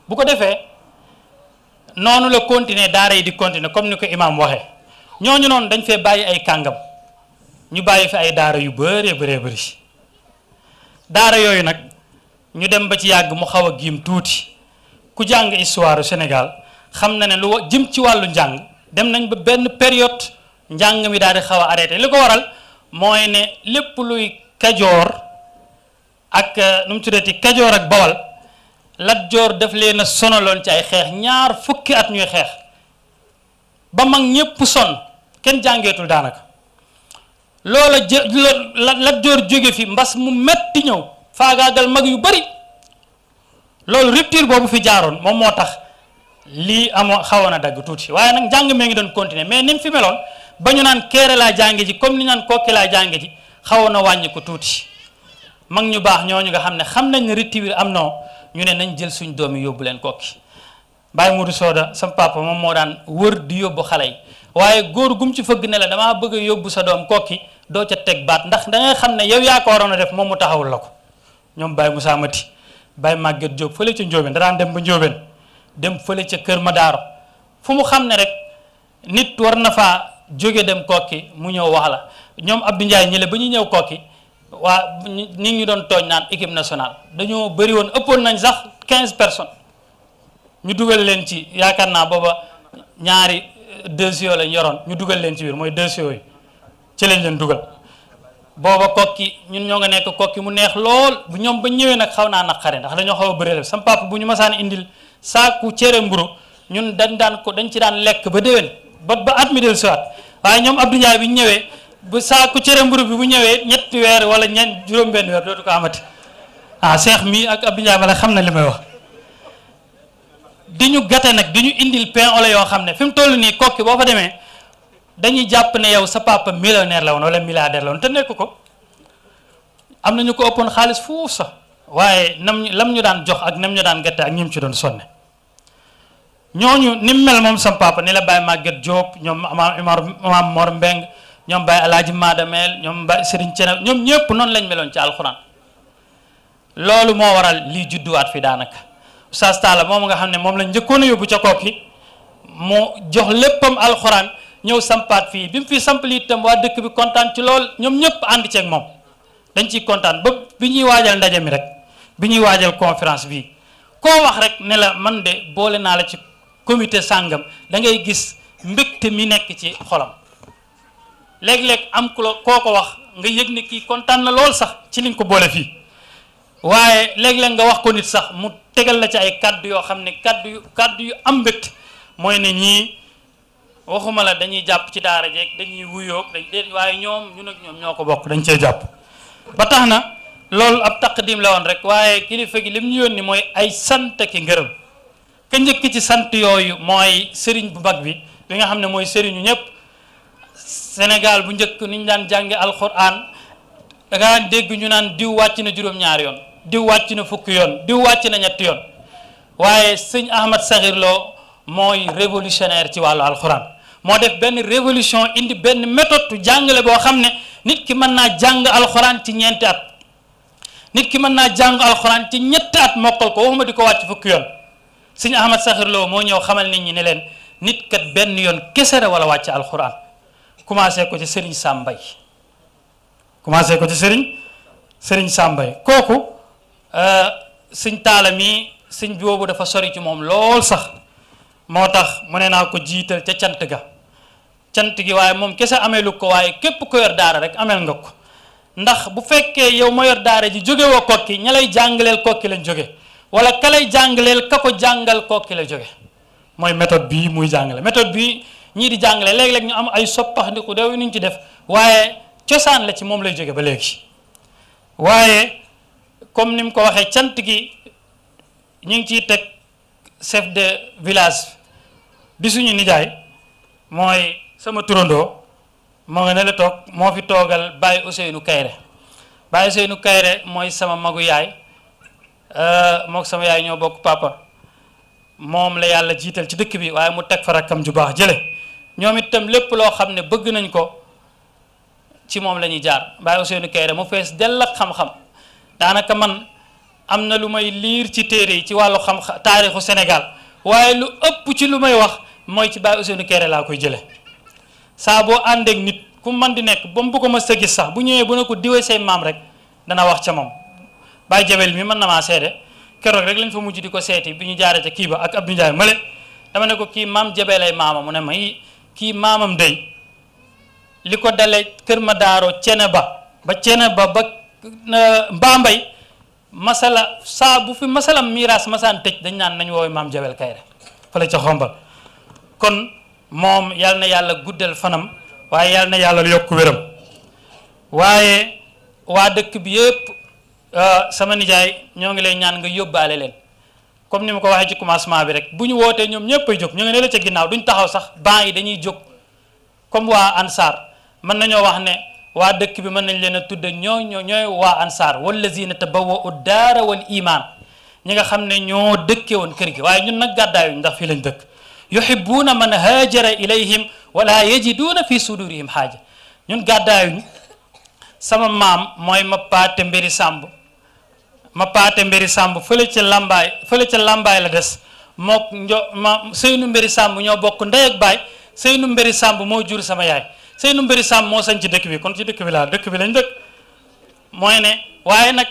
bu ko defee noonu la continuer daara yi di continuer comme ni ko imaam waxee ñoo ñu noonu dañ fee bàyyi ay kàngam ñu bàyyi fi ay daara yu bëree bari bëri daara yooyu nag ñu dem ba ci yàgg mu xaw a giim tuuti ku jàng histoire Sénégal xam na ne lu jëm ci wàllu njàng dem nañ ba benn période njàng mi daal di xaw a arrêté li ko waral mooy ne lépp luy kajoor ak euh, nu mu tuddati kajoor ak bawal Lat Joor daf leen a sonaloon ci ay xeex ñaar fukki at ñuy xeex ba mag ñépp sonn kenn jàngeetul daanaka. loola jë la Lat Joor jóge fi mbas mu metti ñëw faagaagal mag yu bari loolu rupture boobu fi jaaroon moom moo tax lii am amoo xawoon a dagg tuuti waaye nag njàng mee ngi doon continuer mais ni mu fi meloon ba ñu naan keere laa jànge ji comme ni naan kokki laa jànge ji xawoon a wàññi ko tuuti mag ñu baax ñooñu nga xam ne xam nañ ne rupture am na ñu ne nañ jël suñu doom yi yóbbu leen kokki Baye Modou Soda sam papa moom moo daan wër di yóbbu xale yi waaye góor gum ci fëgg ne la damaa bëgg a yóbbu sa doom kokki doo ca teg baat ndax da xam ne yow yaa ko waroon a def moom mu taxawul la ko ñoom Baye Moussa Mati Baye màgget Diop fële ca Ndiobène danaan dem ba Ndiobène dem fële ca Kër Madaaro fu mu xam ne rek nit war na jóge dem kokki mu ñëw wax la ñoom Abdou Ndiaye ñële ba ñu ñëw kokki waa nit ñu doon tooñ naan équipe national dañoo bëri woon ëppoon nañ sax quinze personnes ñu dugal leen ci yaakaar naa booba ñaari deux yooyu lañ yoroon ñu dugal leen ci biir mooy deux yooyu ci lañ leen dugal booba kokki ñun ñoo nga nekk kokki mu neex lool bu ñoom ba ñëwee nag xaw naa naqare ndax dañoo xaw a bëri sam papa bu ñu masaan indil saaku cere mburu ñun dañ daan ko dañ ci daan lekk ba déwén ba ba at mi del siwaat waaye ñoom Abdou Ndiaye bi ñëwee bu saaku cere mburu bi bu ñëwee ñetti weer wala ñeent juróom-benn weer dootu ko amati ah Cheikh mi ak Abdou Ndiaye bala xam na li may wax di ñu gate nag di ñu indil pain au yoo xam ne fi mu toll nii kokki boo fa demee dañuy jàpp ne yow sa papa millionnaire la woon wala milliardaire la woon te nekk ko am na ñu ko ëppoon xaalis fuuf sax waaye nam ñu ñu daan jox ak nam ñu daan gàtte ak ñim ci doon sonne ñooñu ni mu mel moom sam papa ni la Baye màgget Diop ñoom Imaam Mor Mbeng ñoom Baye Alaaji Madamel ñoom Baye Serigne Thiénaba ñoom ñëpp noonu lañ meloon ci alxuraan loolu moo waral lii judduwaat fi daanaka Oustaz Talla moom nga xam ne moom la njëkkoon a yóbbu ca Kokki mu jox léppam alxuraan ñëw sampaat fii bi mu fi sampali itam waa dëkk bi kontaan ci lool ñoom ñëpp ànd ceeg moom dañ ciy kontaan ba bi ñuy waajal ndaje mi rek bi ñuy waajal conférence bii koo wax rek ne la man de boole naa la ci comité sàngam da ngay gis mbégte mi nekk ci xolam léeg-léeg am ku la koo ko wax nga yëg ne kii kontaan na lool sax ci liñ ko boole fii waaye léeg-léeg nga wax ko nit sax mu tegal la ci ay kàddu yoo xam ne kàdd yu kàddu yu am mbégte mooy ne ñii waxuma la dañuy jàpp ci daara jeeg dañuy wuyoog dañ dee waaye ñoom ñun ak ñoom ñoo ko bokk dañ cee jàpp ba tax na loolu ab taqdim la woon rek waaye kilifa gi lim ñu ni mooy ay sant ki ngërëm ka njëkk ci sant yooyu mooy sëriñ bu bag bi bi nga xam ne mooy sëriñu ñëpp Sénégal bu njëkk ni ñu daan jànge alquran da nga dégg ñu naan diw wàcc na juróom yoon diw wàcc na fukki yoon diw wàcc na ñetti yoon waaye sëñ Ahmad Saxir Lo mooy révolutionnaire ci wàllu alxuraan moo def benn révolution indi benn méthode jàngale boo xam ne nit ki mën naa jàng alxuraan ci ñeenti at nit ki mën naa jàng alxuraan ci ñetti at mokkal ko waxuma di ko wàcc fukki yoon sëñ Ahmad Saxir moo ñëw xamal nit ñi ne leen nit kat benn yoon kese la wala wàcc alxuraan commencé ko ci sëriñ Sàmbay commencé ko ci sëriñ sëriñ Sàmbay Euh, sëñ taala mi sëñ boobu dafa sori ci moom lool sax moo tax mu ne naa ko jiital ca cant ga cant gi waaye moom kese ameelu ko waaye képp ko yor daara rek ameel nga ko ndax bu fekkee yow ma yor daara ji jóge woo kokki ña lay jàngaleel kokki lañ jóge wala ka lay jàngaleel ka ko jàngal kokki la jóge mooy méthode bii muy jàngale méthode bi ñii di jàngale léegi léeg ñu am ay soppax ndiku dew nuñ ci def waaye cosaan la ci moom lay jóge ba léegi waaye comme ni mu ko waxee cant gi ñu ngi ci teg chef de village di suñu nijaay mooy sama turandoo moo nga ne toog moo fi toogal Baye Ousseynou Kayre Baye Ousseynou Kayre mooy sama magu yaay euh, mook sama yaay ñoo bokk papa moom la yàlla jiital ci dëkk bi waaye mu teg fa rakkam ju baax jële ñoom itam lépp loo xam ne bëgg nañ ko ci moom lañuy jaar Baye Ousseynou Kayre mu fees dell ak xam-xam daanaka man am na lu may liir ci téere yi ci wàllu xam taarixu Sénégal waaye lu ëpp ci lu may wax mooy ci Baye Ousseynou kere laa koy jële saa boo àndeek nit ku man di nekk ba mu bëgg ma sa sax bu ñëwee bu ne ko diwee say maam rek dana wax ca moom Baye Jabel mi man na maa seede keroog rek lañ fa mujj di ko seeti bi ñu jaaree ca kii ba ak Abdou Ndiaye male dama ne ko kii maam Jabel lay maama mu ne ma kii maamam day li ko dale kër ma daaro cene mbaa mbay masala saa bu fi masalam miiras masaan tëj dañ naan nañ woowee maam Jabel Kayre fële ca xombal kon moom yàlla na yàlla guddal fanam waaye yal na yàlla yokk wéram waaye waa dëkk bi yëpp ah, sama nijaay ñoo ngi lay ñaan nga yóbbaale leen comme ni ma ko waxee ci commencement bi rek bu ñu wootee ñoom ñëpp ay jóg ñu ngi ne la ca ginnaaw duñ taxaw sax ban yi dañuy jóg comme waa ANSAR mën nañoo wax ne. waa dëkk bi mën nañ leen a tudde ñooy ñooy waa ansaar wallazina tabawwa'u daara wal iman ñi nga xam ne ñoo dëkke woon kër gi waaye ñun nag gàddaayuñ ndax fii lañ dëkk yuhibbuuna man haajara ilayhim wala yajiduuna fi sudurihim haaja ñun gàddaayuñu sama maam mooy ma paate mbiri sàmb ma paate mbiri sàmb fële ca lambaay fële la des mook njo ma seynu mbiri sàmb ñoo bokk ndey ak baay seynu mbiri sàmb moo jur sama yaay Seynu Mbëri Sàmm moo sañ ci dëkk bi kon ci dëkk bi laa dëkk bi lañ dëkk mooy ne waaye nag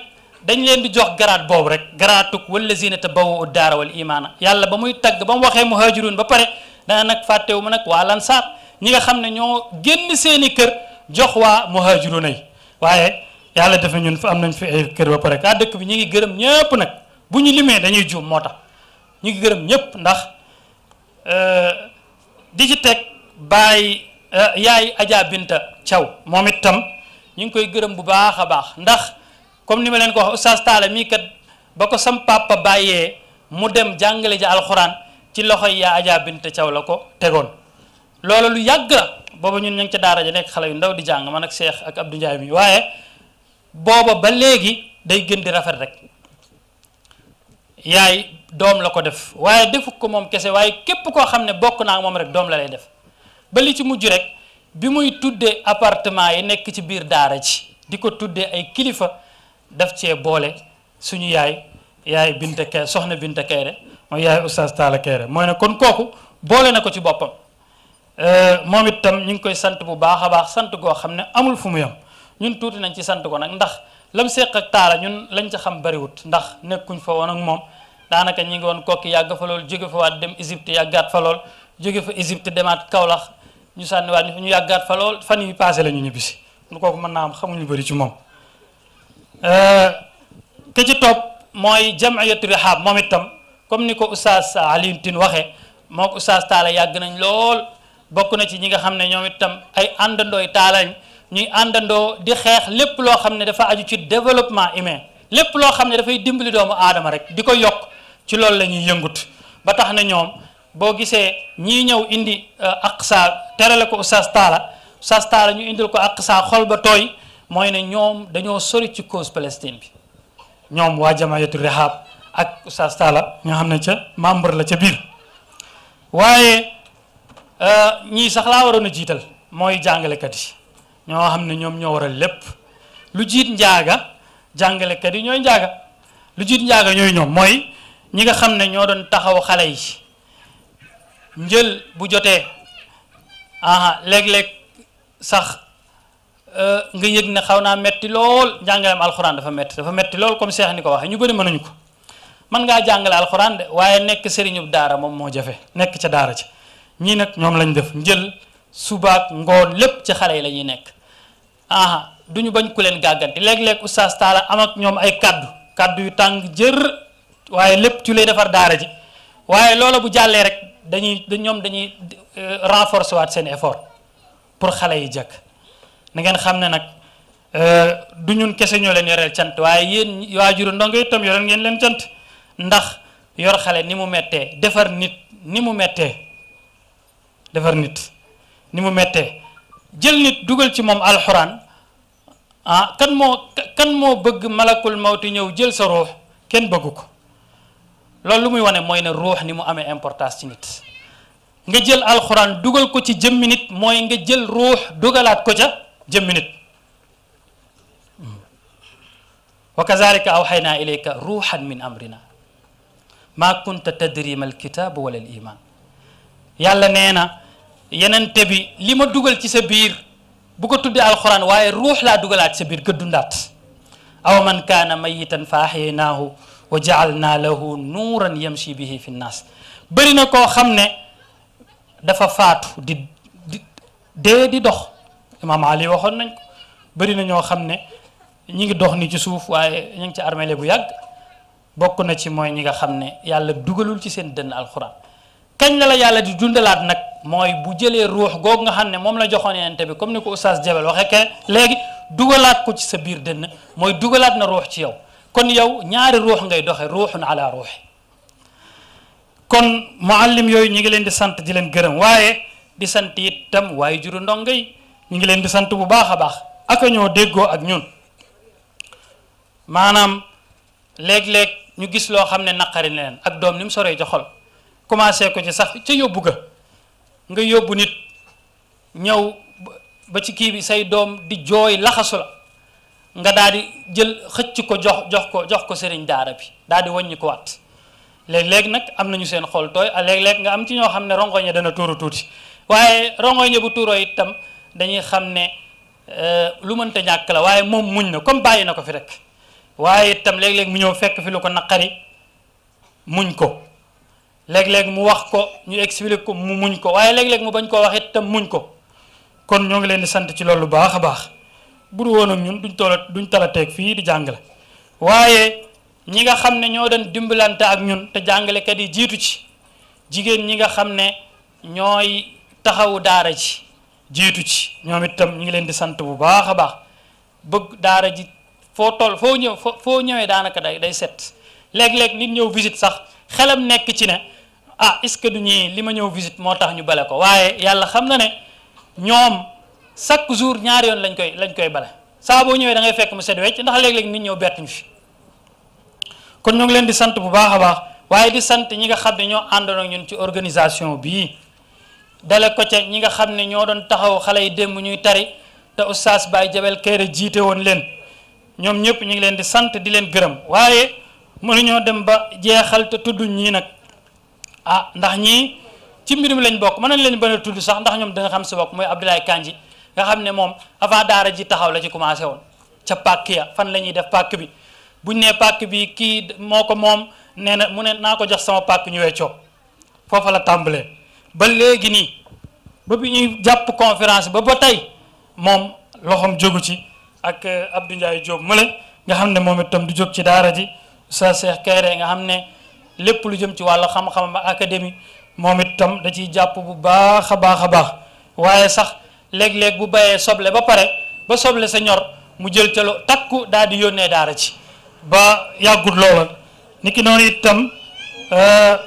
dañ leen di jox garaat boobu rek garaatuk wallazina tabawwa'u daara wal imaana yàlla ba muy tagg ba mu waxee mu muhaajiruun ba pare dana nag fàttewu mu nag waa lansaar ñi nga xam ne ñoo génn seeni kër jox waa muhaajiruuna yi waaye yàlla def ñun fa am nañ fi ay kër ba pare kaa dëkk bi ñu ngi gërëm ñëpp nag bu ñu limee dañuy juum moo tax ñu ngi gërëm ñëpp ndax euh, di ci teg bàyyi Euh, yaay Adja caw moom it tam ñu ngi koy gërëm bu baax a baax ndax comme ni ma leen ko wax oustaz mii kat ba ko sam papa bàyyee mu dem jàngale ji alxuraan ci loxo yaa Adja caw la ko tegoon loolu lu yàgg la booba ñun ñu ngi ca daara ja nekk xale yu ndaw di jàng man ak Cheikh ak Abdou Ndiaye mi waaye booba ba léegi day gën di rafet rek yaay doom la ko def waaye defu ko moom kese waaye képp koo xam ne bokk naa moom rek doom la lay def ba li ci mujj rek bi muy tuddee appartement yi nekk ci biir daara ji di ko tuddee ay kilifa def cee boole suñu yaay yaay Binta Kéré soxna Binta Kéré mooy yaay oustaz Talla Kéré mooy ne kon kooku boole na ko ci boppam euh, moom itam ñu ngi koy sant bu baax a baax sant goo xam ne amul fu mu yem ñun tuuti nañ ci sant ko nag ndax lam seq ak taala ñun lañ ca xam bariwut ndax nekkuñ fa woon ak moom daanaka ñi ngi woon kokki yàgg fa loolu jóge fa waat dem Égypte yàggaat fa lool jóge fa Égypte demaat Kaolack ñu sànniwaat ñu yàggaat fa lool fan yi passé la ñu ñibbisi lu kooku mën naa am xamuñu bëri ci moom euh, ke ci topp mooy jamiyatu rihab moom itam comme ni ko oustaz Alioune Tine waxee moo ko oustaz taala yàgg nañ lool bokk na ci ñi nga xam ne ñoom itam ay àndandooy taalaañ ñuy àndandoo di xeex lépp loo xam ne dafa aju ci développement humain lépp loo xam ne dafay dimbali doomu aadama rek di ko yokk ci loolu la ñuy yëngut ba tax na ñoom boo gisee ñii ñëw indi ak uh, aqsa terale ko oustaz taala oustaz taala ñu indil ko aqsa xol ba tooy mooy ne ñoom dañoo sori ci cause Palestine bi ñoom waa jamaayatu rehab ak oustaz taala nga xam ne ca membre la ca biir waaye uh, ñii sax laa waroon a jiital mooy jàngalekat yi ñoo xam ne ñoom ñoo waral lépp lu jiit njaaga jàngalekat yi ñooy njaaga lu jiit njaaga ñooy ñoom mooy ñi nga xam ne ñoo doon taxaw xale yi njël bu jotee aha léeg-léeg sax euh, nga yëg ne xaw naa metti lool njàngaleem alxuraan dafa metti dafa metti lool comme seex ni ko waxee ñu bari mën nañu ko mën ngaa jàngale alxuraan de waaye nekk sëriñub daara moom moo jafe nekk ca daara ci ñii nag ñoom lañu def njël subaak ngoon lépp ci xale yi lañuy nekk aha du ñu bañ ku leen gàgganti léeg-léeg oustaz taala am ak ñoom ay kàddu kaddu yu tàng jër waaye lépp ci lay defar daara ji waaye loola bu jàllee rek dañuy ñoom dañuy euh, renforcer waat seen effort pour xale yi jëkk na ngeen xam ne nag euh, du ñun kese ñoo leen yoreel cant waaye yéen waajuru ndongo itam yoreel ngeen leen cant ndax yor xale ni mu mettee defar nit ni mu mettee defar nit ni mu mettee jël nit dugal ci moom alxuraan ah kan moo kan moo bëgg malakul mawti ñëw jël sa ruux kenn bëggu ko loolu lu muy wane mooy na ruux ni mu amee importance ci nit nga jël alxuraan dugal ko ci jëmmi nit mooy nga jël ruux dugalaat ko ca jëmmi nit wa kazalika awxaynaa ilayka ruuxan min amrina maa kunta tadri ma alkitaabu wala al iman yàlla nee na yenente bi li ma dugal ci sa biir bu ko tuddee alxuraan waaye ruux laa dugalaat ci sa biir gëddundaat aw man kaana mayitan fa axyaynaahu wa jaalna lahu nuuran yamshi bihi fi nnaas bëri na koo xam ne dafa faatu di di di dox imaam Ali waxoon nañ ko bëri na ñoo xam ne ñi ngi dox ni ci suuf waaye ñu ngi ci armeele bu yàgg bokk na ci mooy ñi nga xam ne yàlla dugalul ci seen dënn alxuraan kañ la la yàlla di dundalaat nag mooy bu jëlee ruux googu nga xam ne moom la joxoon yonent bi comme ni ko oustaz Jabel waxee ke léegi dugalaat ko ci sa biir dënn mooy dugalaat na ruux ci yow kon yow ñaari ruux ngay doxe ruuxun ala ruux kon muallim yooyu ñu ngi leen di sant di leen gërëm waaye di sant itam waaye juru ndongo yi ñu ngi leen di sant bu baax a baax aka ñoo déggoo ak ñun maanaam léeg-léeg ñu gis loo xam ne naqari na leen ak doom ni mu soree ci xol commencé ko ci sax ca yóbbu ga nga yóbbu nit ñëw ba ci kii bi say doom di jooy laxasu la nga daal di jël xëcc ko jox jox ko jox ko sëriñ daara bi daal di waññi ko waat léeg-léeg nag am nañu seen xol tooy ah, léeg-léeg nga am ci ñoo xam ne rongoñe dana tuuru tuuti waaye rongoñe bu tuuroo itam dañuy xam ne euh, lu mënta ñàkk la waaye moom muñ na comme bàyyi na ko fi rek waaye itam léeg-léeg mu ñëw fekk fi lu ko naqari muñ ko léeg-léeg mu wax ko ñu expliqué ko mu muñ ko waaye léeg-léeg mu bañ koo wax itam muñ ko kon ñoo ngi leen di sant ci loolu bu baax a baax. bu dul woon ak ñun duñ toola duñ talateeg fii di jàngale waaye ñi nga xam ne ñoo doon dimbalante ak ñun te jàngalekat yi jiitu ci jigéen ñi nga xam ne ñooy taxawu daara ji jiitu ci ñoom itam ñu ngi leen di sant bu baax a baax bëgg daara ji foo toll foo ñëw foo foo ñëwee daanaka day day set léeg-léeg nit ñëw visite sax xelam nekk ci ne ah est-ce que du ñuy li ma ñëw visite moo tax ñu bale ko waaye yàlla xam na ne ñoom. chaque jour ñaari yoon lañ koy lañ koy bale saa boo ñëwee da ngay fekk mu set wecc ndax léeg-léeg nit ñëw bettuñu fi kon ngi leen di sant bu baax a baax waaye di sant ñi xam ne ñoo àndoon ak ci organisation bii dale ko ñi nga xam ne ñoo doon taxaw xale yi démb ñuy tari te oustaz Baye Jabel Kayre jiite woon leen ñoom ñëpp ñu ngi leen di sant di leen gërëm waaye ñoo dem ba jeexal te tudd ñii nag ah ndax ñii ci mbirum lañ bokk mën nañ leen bañ a tudd sax ndax ñoom danga xam si bokk mooy Abdoulaye Kanji nga xam ne moom avant daara ji taxaw la ci commencé woon ca pàkk ya fan la ñuy def pàkk bi bu buñ nee pàkk bi kii moo ko moom nee na mu ne naa ko jox sama pàkk ñu weccoo foofu la tàmbalee ba léegi nii ba bi ñuy jàpp conférence ba ba tey moom loxoom jógu ci ak euh, Abdou Ndiaye Diop mu le nga xam ne moom itam du jóg ci daara ji sa Cheikh Kayre nga xam ne lépp lu jëm ci wàllu xam-xam académie moom it itam da ciy jàpp bu baax a baax a baax waaye sax léeg-léeg bu bayee soble ba pare ba soble sa ñor mu jël ca lu takku daal di yónnee daara ci ba yàggut loola niki noonu itam euh,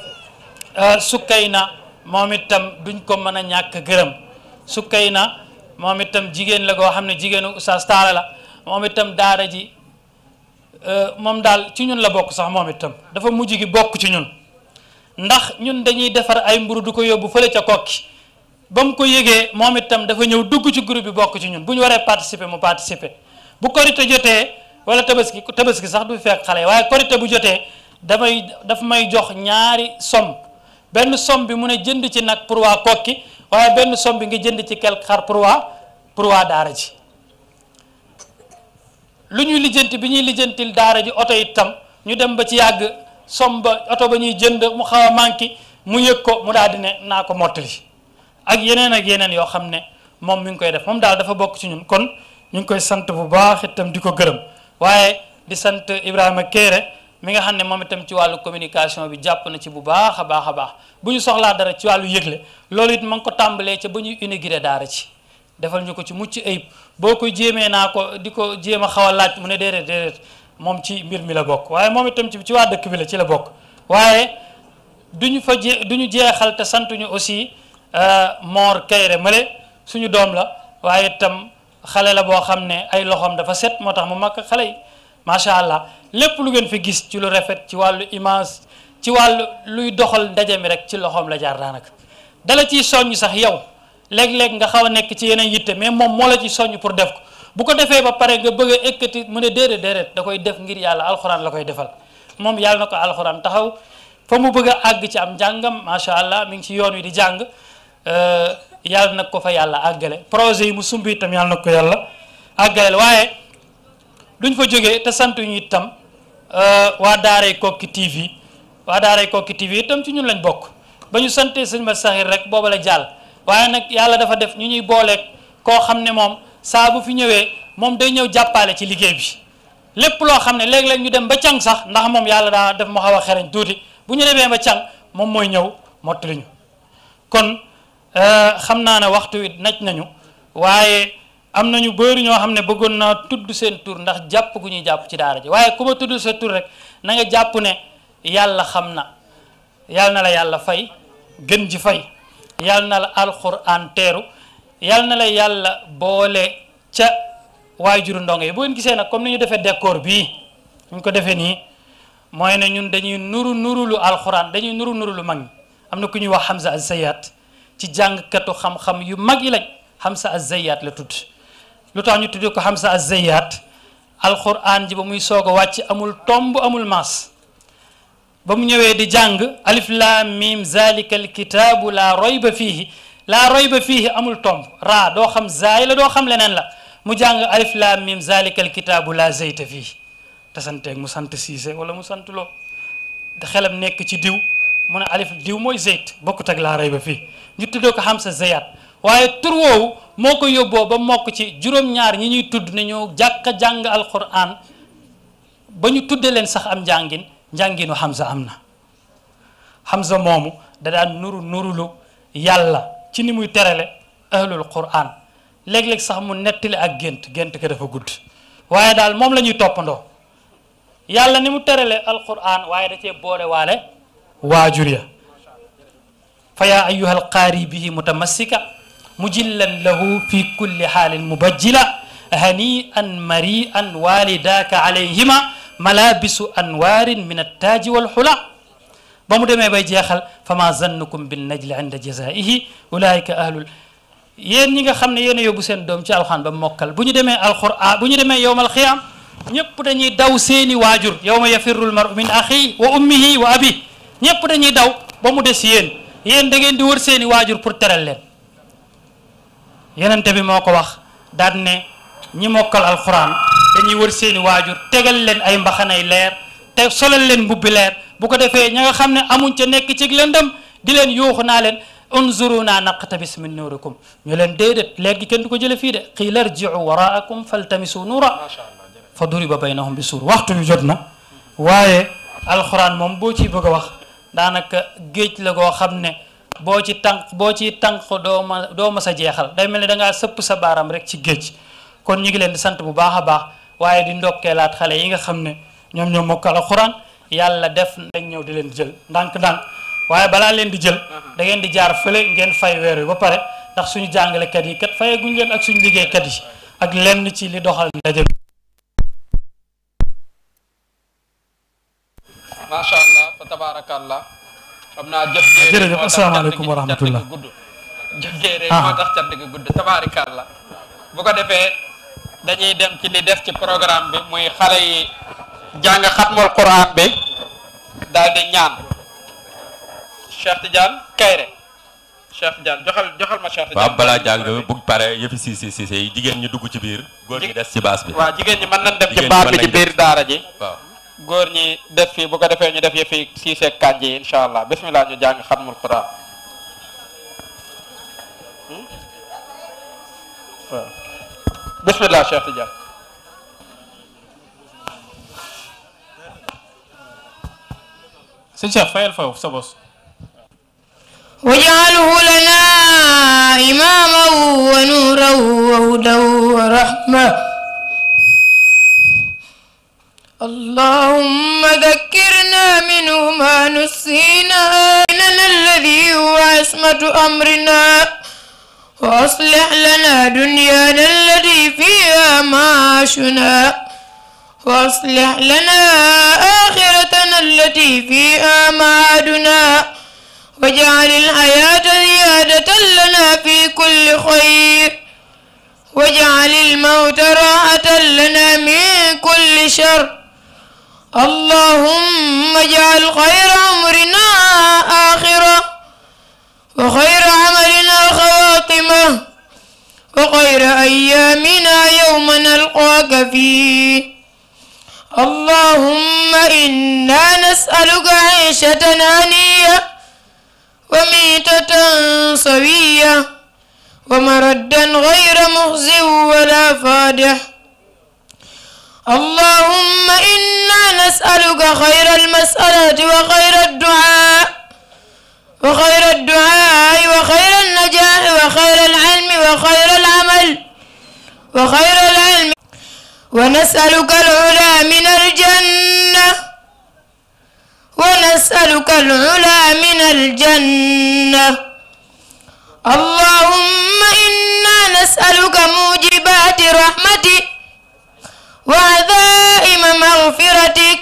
euh, sukkay na moom itam duñ ko mën a ñàkk gërëm sukkay na moom itam jigéen la koo xam ne jigéenu sa Taala la moom itam daara ji euh, moom daal ci ñun la bokk sax moom itam dafa mujj gi bokk ci ñun ndax ñun dañuy defar ay mburu du ko yóbbu fële ca kokki ba mu ko yëgee moom itam dafa ñëw dugg ci groupe bi bokk ci ñun bu ñu waree participer mu participer bu korite jotee wala tabaski tabaski sax du fekk xale waaye korite bu jotee damay dafa may jox ñaari somme benn somme bi mu ne jënd ci nag pour waa kokki waaye benn somme bi nga jënd ci quelque xar pour waa daara ji lu ñuy lijjanti bi ñuy lijjantil daara ji oto itam ñu dem ba ci yàgg somme ba oto ba ñuy jënd mu xaw a manqué mu yëg ko mu daal di naa ko mott mottali ak yeneen ak yeneen yoo xam ne moom mi ngi koy def moom daal dafa bokk ci ñun kon ñu ngi koy sant bu baax itam di ko gërëm waaye di sant Ibrahima Kéré mi nga xam ne moom itam ci wàllu communication bi jàpp na ci bu baax a baax a baax bu ñu soxlaa dara ci wàllu yëg yëgle loolu it ma ngi ko tàmbalee ca ba ñuy inauguré daara ci defal ñu ko ci mucc ayib boo koy jéemee naa ko di ko jéem a xaw a laaj mu ne déedéet déedéet moom ci mbir mi la bokk waaye moom itam ci waa dëkk bi ci la bokk waaye duñu fa je aussi Euh, Mor Kayre Mële suñu doom la waaye tam xale la boo xam ne ay loxoom dafa set moo tax mu mag xale yi macha allah lépp lu ngeen fi gis ci lu rafet ci wàllu image ci wàllu luy doxal ndaje mi rek ci loxoom la jaar daanaka dala ciy soññ sax yow léeg-léeg nga xaw a nekk ci yeneen yitte mais moom moo la ciy soññ pour def ko bu ko defee ba pare nga bëgg a ekkati mu ne déedéet déedéet da koy def ngir yàlla alxuraan la koy defal moom yàlla na ko alxuraan taxaw fa àgg ci am njàngam macha allah mi ngi ci yoon wi di jàng. Euh, yàlla nag ko fa yàlla àggale projet yi mu sumb itam yàlla nag ko yàlla àggale waaye duñ fa jógee te sant ñu itam euh, waa daaray Koki TV waa daaray Koki TV itam ci ñun lañ bokk ba ñu santee sëñ ma saxir rek booba la jàll waaye nag yàlla dafa def ñu ñuy booleek koo xam ne moom saa bu fi ñëwee moom day ñëw jàppale ci liggéey bi lépp loo xam ne léeg-léeg ñu dem ba càng sax ndax moom yàlla daa def mu xaw a xereñ tuuti bu ñu demee ba càng moom mooy ñëw mottali ñu Euh, xam naa ne waxtu wi naj nañu waaye am nañu bëri ñoo xam ne bëggoon naa tudd seen tur ndax jàpp gu ñuy jàpp ci daara ji waaye ku ma tudd sa tur rek na jàpp ne yàlla xam na yàlla na la yàlla fay gën ji fay yàlla na la alxuraan teeru yàlla na la yàlla boole ca waajuru ndongo yi bu ngeen gisee nag comme ni ñu defee décor bii ñu ko defee nii mooy ne ñun dañuy nuru nuru lu alxuraan dañuy nuru nuru lu mag ñi am na ku ñuy wax Hamza Azzayaat ci jàngkatu xam-xam yu mag yi lañ Hamza Az-Zayyat la tudd lu tax ñu tuddee ko Hamza Az-Zayyat alquran ji ba muy soog wàcc amul tomb amul maas ba mu ñëwee di jàng alif laam miim zalika alkitaabu laa royba fiihi laa royba fiihi amul tomb raa doo xam zaay la doo xam leneen la mu jàng alif laam miim zalika alkitaabu laa zayta fiihi te santeeg mu sant siise wala mu sant loo te xelam nekk ci diw mu ne alif diw mooy zeyt bokkut ak laa rayba fii ñu tuddee ko xam sa zeyaat waaye tur woowu moo ko yóbboo ba mokk ci juróom-ñaar ñi ñuy tudd ne ñoo jàkka jàng alquran ba ñu tuddee leen sax am njàngin njànginu Hamza am na Hamza moomu da daan nuru nurulu yàlla ci ni muy terale ahlul quran léeg-léeg sax mu nettali ak gént gént ko dafa gudd waaye daal moom lañuy toppandoo yàlla ni mu terale alquran waaye da cee boole waale waajur ya fa yaa ayuha alqaari bihi mutamassika mujillan lahu fi kulli xaalin mubajjila hani'an mari'an walidaaka alayhima malabisu anwaarin min attaaji walxula ba mu demee bay jeexal fama zannukum binnajli inda jazaihi ulaika ahlul yéen ñi nga xam ne yéen a yóbbu seen doom ci alxuraan ba mokkal bu ñu demee alxuraan bu ñu demee yowmal xiyaam ñëpp dañuy daw seeni waajur yowma yafirru lmaru min axihi wa ummihi wa abi ñëpp dañuy daw ba mu des yéen yéen da di wër seeni waajur pour teral leen yenente bi moo ko wax daan ne ñi mokkal alxuraan dañuy wër seeni waajur tegal leen ay mbaxanay leer te solal leen mbubbi leer bu ko defee ña nga xam ne amuñ ca nekk ci lëndëm di leen yuuxu naa leen naa unzuruna naqtabis min nuurikum ñu leen déedéet léegi kenn du ko jële fii de qiila irji'u waraakum faltamisu nuura fa duriba baynahum bi suur waxtu bi jot na waaye alxuraan moom boo ciy bëgg a wax daanaka géej la goo xam ne boo ci tànk boo ci tànk doo ma doo ma sa jeexal day mel ne dangaa sëpp sa baaram rek ci géej kon ñu ngi leen di sant bu baax a baax waaye di ndokkeelaat xale yi nga xam ne ñoom ñoo mokkal alxuraan yàlla def dañ ñëw di leen jël ndànk-ndànk waaye balaa leen di jël da ngeen di jaar fële ngeen fay weer wi ba pare ndax suñu jàngalekat yi kat fayeguñ leen ak suñu liggéeykat yi ak lenn ci li doxal ndaje bi macha allah fa tabaarakallah xam naa jëf jërëjëf asalaamaaleykum wa rahmatullah gudd jëf jéere ah. moo tax cant gi gudd tabaarakallah bu ko defee dañuy dem ci li def ci programme bi muy xale yi jàng xatmul quran bi daal di ñaan Cheikh Tidiane Kayre Cheikh Tidiane joxal joxal ma Cheikh Tidiane waaw balaa jàng bu pare yëfi si si si jigéen ñi dugg ci biir góor ñi des ci baas bi jigéen ñi mën nañ dem ci baas bi ci biir daara ji góor ñi def defee ñu def yëfi siiseeg kànji yi incha allah bisimilah ñu jàng xatmul quran hmm? si Cheikh fayal foofu sa bos waj'alhu lana imaman wa nuran wa اللهم ذكرنا منه ما نسينا لنا الذي هو عصمة أمرنا وأصلح لنا دنيانا التي فيها معاشنا وأصلح لنا آخرتنا التي فيها معادنا واجعل الحياة زيادة لنا في كل خير واجعل الموت راحة لنا من كل شر اللهم اجعل خير عمرنا آخرة وخير عملنا خواتمة وخير أيامنا يوم نلقاك فيه اللهم إنا نسألك عيشة هنية وميتة سوية ومردا غير مخزي ولا فادح اللهم إنا نسألك خير المسألة وخير الدعاء وخير الدعاء وخير النجاح وخير العلم وخير العمل وخير العلم ونسألك العلا من الجنة ونسألك العلا من الجنة اللهم إنا نسألك موجبات رحمتك وعزائم مغفرتك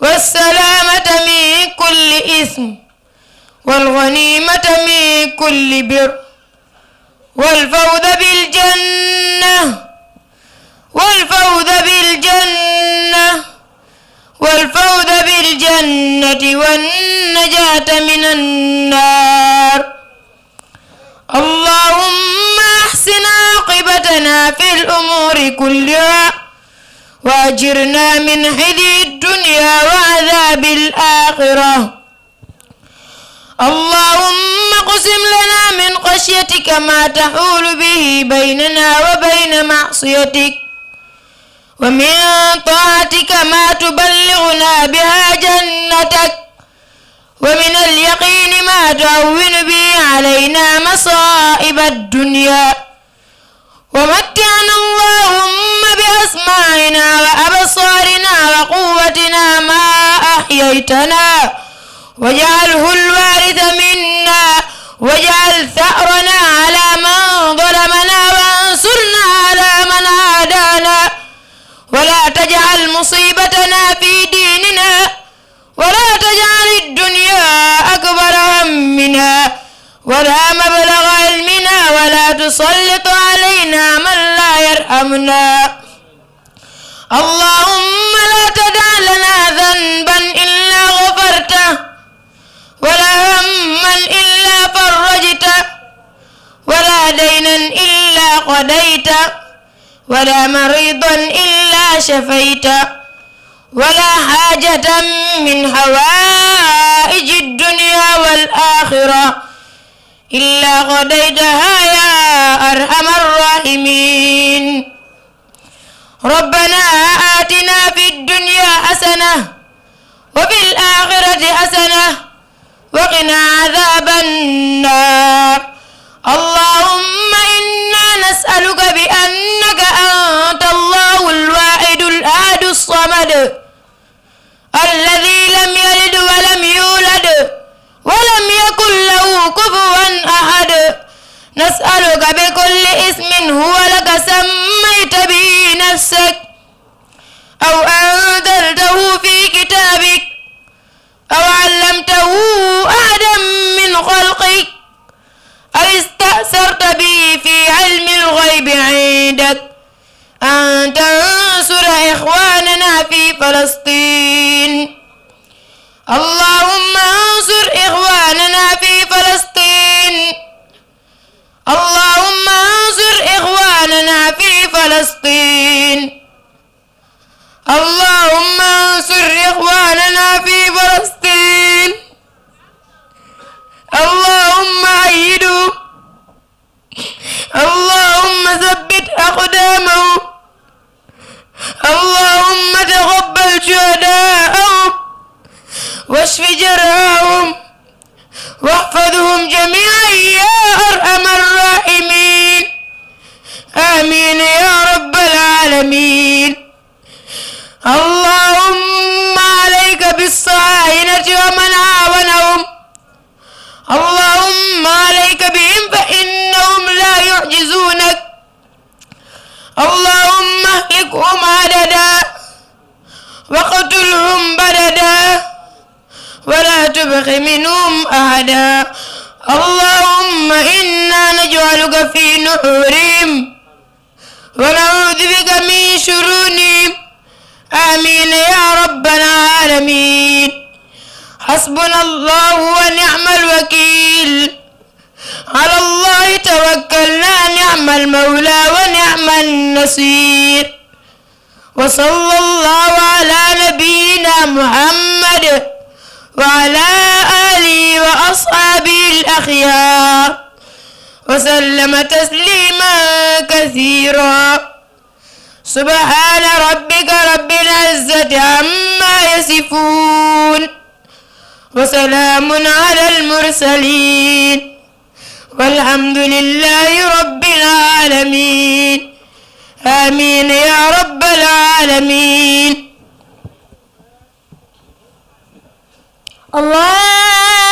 والسلامة من كل إثم والغنيمة من كل بر والفوز بالجنة والفوز بالجنة والفوز بالجنة والنجاة من النار اللهم أحسن عاقبتنا في الأمور كلها وأجرنا من خزي الدنيا وعذاب الآخرة اللهم اقسم لنا من خشيتك ما تحول به بيننا وبين معصيتك ومن طاعتك ما تبلغنا بها جنتك ومن اليقين ما تهون به علينا مصائب الدنيا ومتعنا اللهم بأسماعنا وأبصارنا وقوتنا ما أحييتنا واجعله الوارث منا واجعل ثأرنا على من ظلمنا وانصرنا على من عادانا ولا تجعل مصيبتنا ولا تجعل الدنيا أكبر همنا ولا مبلغ علمنا ولا تسلط علينا من لا يرحمنا اللهم لا تدع لنا ذنبا إلا غفرته ولا هما إلا فرجته ولا دينا إلا قضيته ولا مريضا إلا شفيته ولا حاجة من حوائج الدنيا والآخرة إلا قضيتها يا أرحم الراحمين ربنا آتنا في الدنيا حسنة وفي الآخرة حسنة وقنا عذاب النار اللهم نسألك بأنك أنت الله الواحد الأحد الصمد الذي لم يلد ولم يولد ولم يكن له كفوا أحد نسألك بكل اسم هو لك سميت به نفسك أو أنزلته في كتابك أو علمته أحدا من خلقك أي استأثرت به في علم الغيب عندك أن تنصر إخواننا في فلسطين اللهم انصر إخواننا في فلسطين اللهم انصر إخواننا في فلسطين اللهم انصر إخواننا في فلسطين اللهم أي اللهم ثبت أقدامهم اللهم تقبل شهداءهم واشف جرحاهم واحفظهم جميعا يا أرحم الراحمين آمين يا رب العالمين اللهم عليك بالصائنة ومن عاونهم اللهم عليك ilayka bihim fa innahum la yu'jizunak allahumma ahlikhum adada waqtulhum badada wala tubqi minhum ahada allahumma inna naj'aluka fi nuhurihim wa na'udhu bika min shururihim amin ya rabbal alamin hasbunallahu wa ni'mal wakil على الله توكلنا نعم المولى ونعم النصير وصلى الله على نبينا محمد وعلى آله وأصحابه الأخيار وسلم تسليما كثيرا سبحان ربك رب العزة عما يصفون وسلام على المرسلين والحمد لله رب العالمين آمين يا رب العالمين الله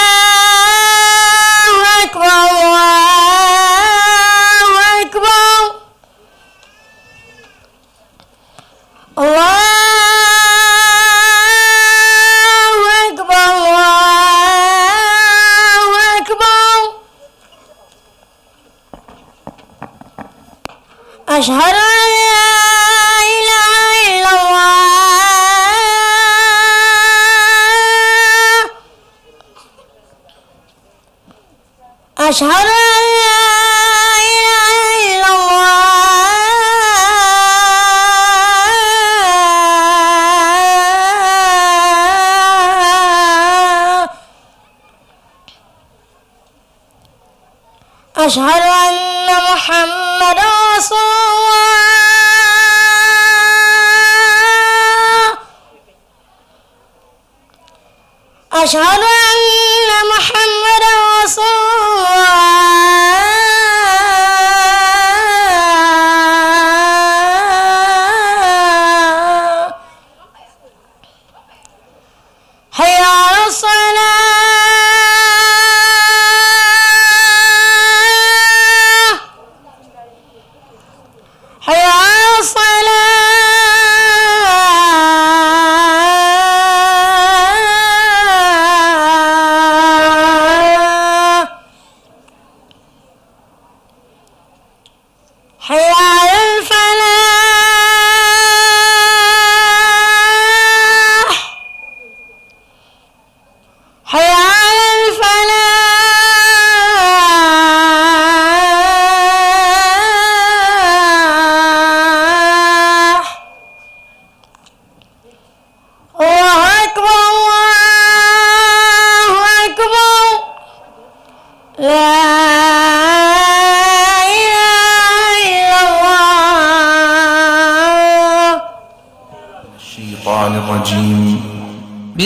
أشهد أن لا إله إلا الله أشهد أن أشهد أن محمد لقد عصوا أشهد أن محمد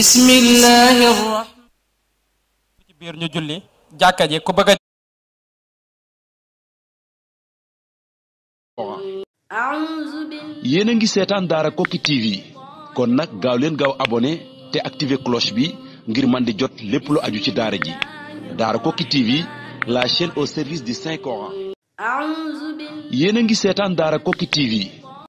bismillaahi ñu julli jàkka ji ku bëgg yéen a ngi seetaan daara Koki TV kon nag gaaw leen gaaw abonné te activer cloche bi ngir man di jot lépp lu aju ci daara ji daara Koki TV la chaîne au service di Saint Coran ngi seetaan daara Koki TV